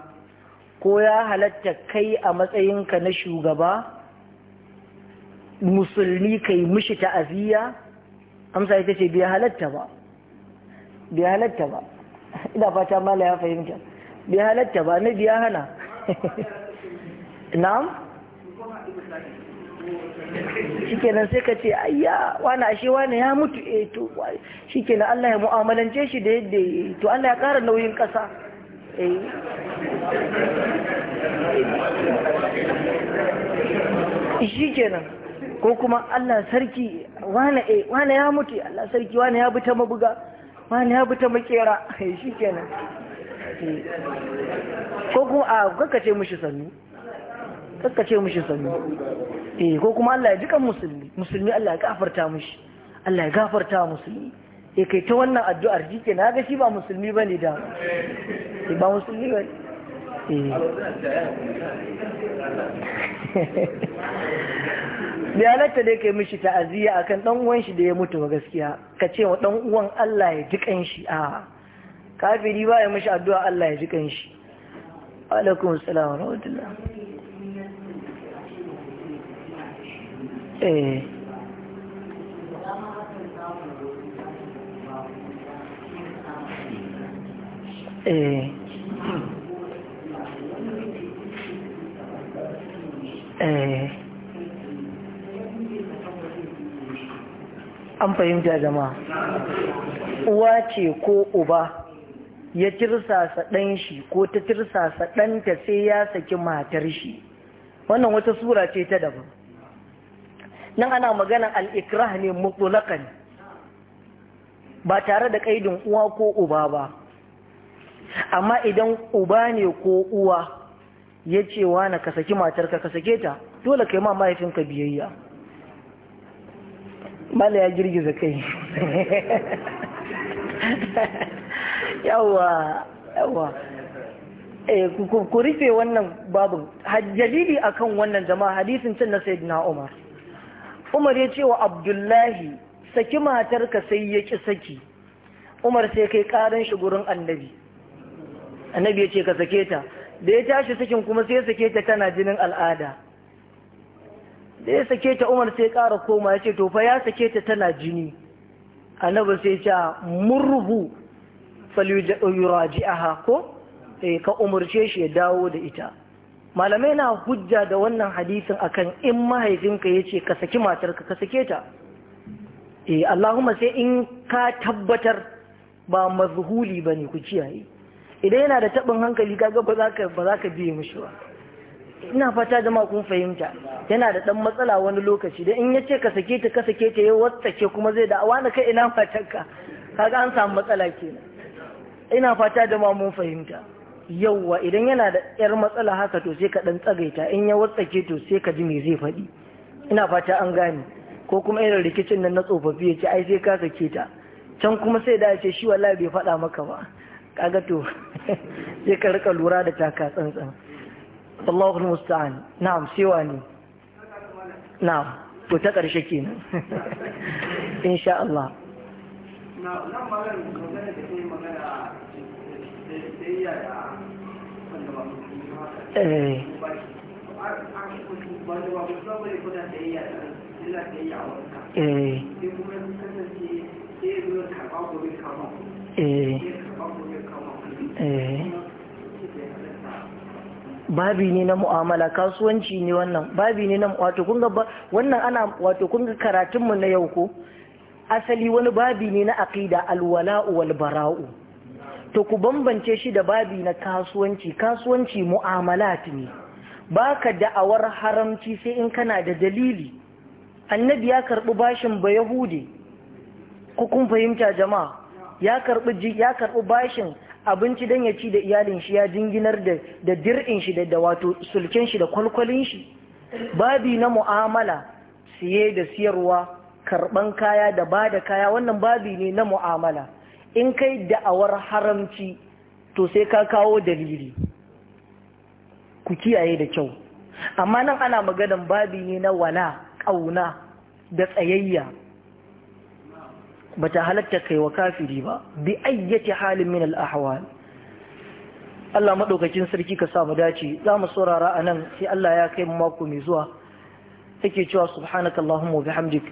ko ya halatta kai a matsayinka na shugaba musulmi kai mishi ta'aziyya amsa ita ce biya halatta ba biya halatta ba ina fata mala ya fahimta biya halatta ba na biya hana na'am shikenan sai ka ce ayya wani ashe wani ya mutu E to shikenan Allah ya mu'amalance shi da yadda to Allah ya ƙara nauyin ƙasa eh shikenan ko kuma Allah sarki wani eh, ya mutu Allah sarki wani ya bi ta mabuga wani ya bi ta makera shikenan eh. ko kuma a kakace mushi sannu kakkace mushi sannu eh ko kuma Allah ya jikan musulmi musulmi Allah ya gafarta mushi Allah ya gafarta musulmi eh kai ta wannan addu'ar jike na ga shi ba musulmi bane da eh ba musulmi bane eh da halatta dai kai mishi ta'aziyya akan dan uwan shi da ya mutu ba gaskiya ka ce wa dan uwan Allah ya jikan shi a kafiri ba ya mishi addu'a Allah ya ji shi alaikum assalam wa rahmatullah eh eh eh an fahimta jama'a uwa ce ko uba ya tirsasa ɗan shi ko ta tirsasa ɗanta sai ya saki matar shi wannan wata sura ce ta daban nan ana magana al'ikrah ne mutulakan ba tare da ƙaidin uwa ko uba ba amma idan uba ne ko uwa ya ce na ka saki ka sake ta dole kai ma mahaifinka biyayya mala ya girgiza kai yawa yawa eh, ku rufe wannan babu hajjalili akan wannan jama'a hadisin can na sayyidina umar umar ya ce wa abdullahi saki matarka sai ya ƙi saki umar sai kai ƙaran shi gurin annabi annabi ya ce ka sake ta da ya tashi sakin kuma sai ya sake ta tana jinin al'ada da ya sake ta umar sai ƙara koma ya ce to fa ya sake ta tana jini annabi sai ce murhu falyuraji'aha ko eh, ka umarce shi ya dawo da ita malamai na hujja da wannan hadisin akan in mahaifinka ya ce ka saki matarka ka sake ta eh Allahumma sai in ka tabbatar ba mazhuli ne ku ciyaye idan yana da tabin hankali kaga ba za ka ba za ka biye mishi ba ina fata jama kun fahimta yana da dan matsala wani lokaci da in yace ka sake ta ka sake ta yau wattace kuma zai da awana kai ina ka kaga an samu matsala kenan ina fata da mun fahimta yauwa idan yana da yar matsala haka to sai ka dan tsagaita in ya watsake to sai ka ji me zai faɗi ina fata an gane ko kuma irin rikicin nan na tsofaffi ya ce ai sai ka sake ta can kuma sai da ce shi wallahi bai faɗa maka ba kaga to sai ka rika lura da taka tsantsan Allahu musta'an na'am sewa ne na'am to ta karshe kenan insha Allah na'am babi ne na mu'amala kasuwanci ne wannan babi ne na wato kun ga wannan ana wato kun ga karatun mu na yau ko asali wani babi ne na aqida alwala'u walbara'u bara'u to ku bambance shi da babi na kasuwanci kasuwanci mu'amalat ne baka da'awar haramci sai in kana da dalili annabi ya karbi bashin ba yahudi ku kun fahimta jama'a ya karbi ya karbi bashin abinci dan ya ci da iyalin shi ya dinginar da da dir'in shi da wato sulken shi da kwalkwalin shi babi na mu'amala siye da siyarwa karban kaya da bada kaya wannan babi ne na mu'amala in kai da'awar haramci to sai ka kawo dalili ku kiyaye da kyau amma nan ana maganan babi ne na wala ƙauna da tsayayya Ba ta halatta kai wa kafiri ba bi ayyati halin min al-ahwal Allah madaukakin sarki ka samu dace za mu saurara nan sai Allah ya kai mu mako mai zuwa take cewa subhanakallahumma wa bihamdika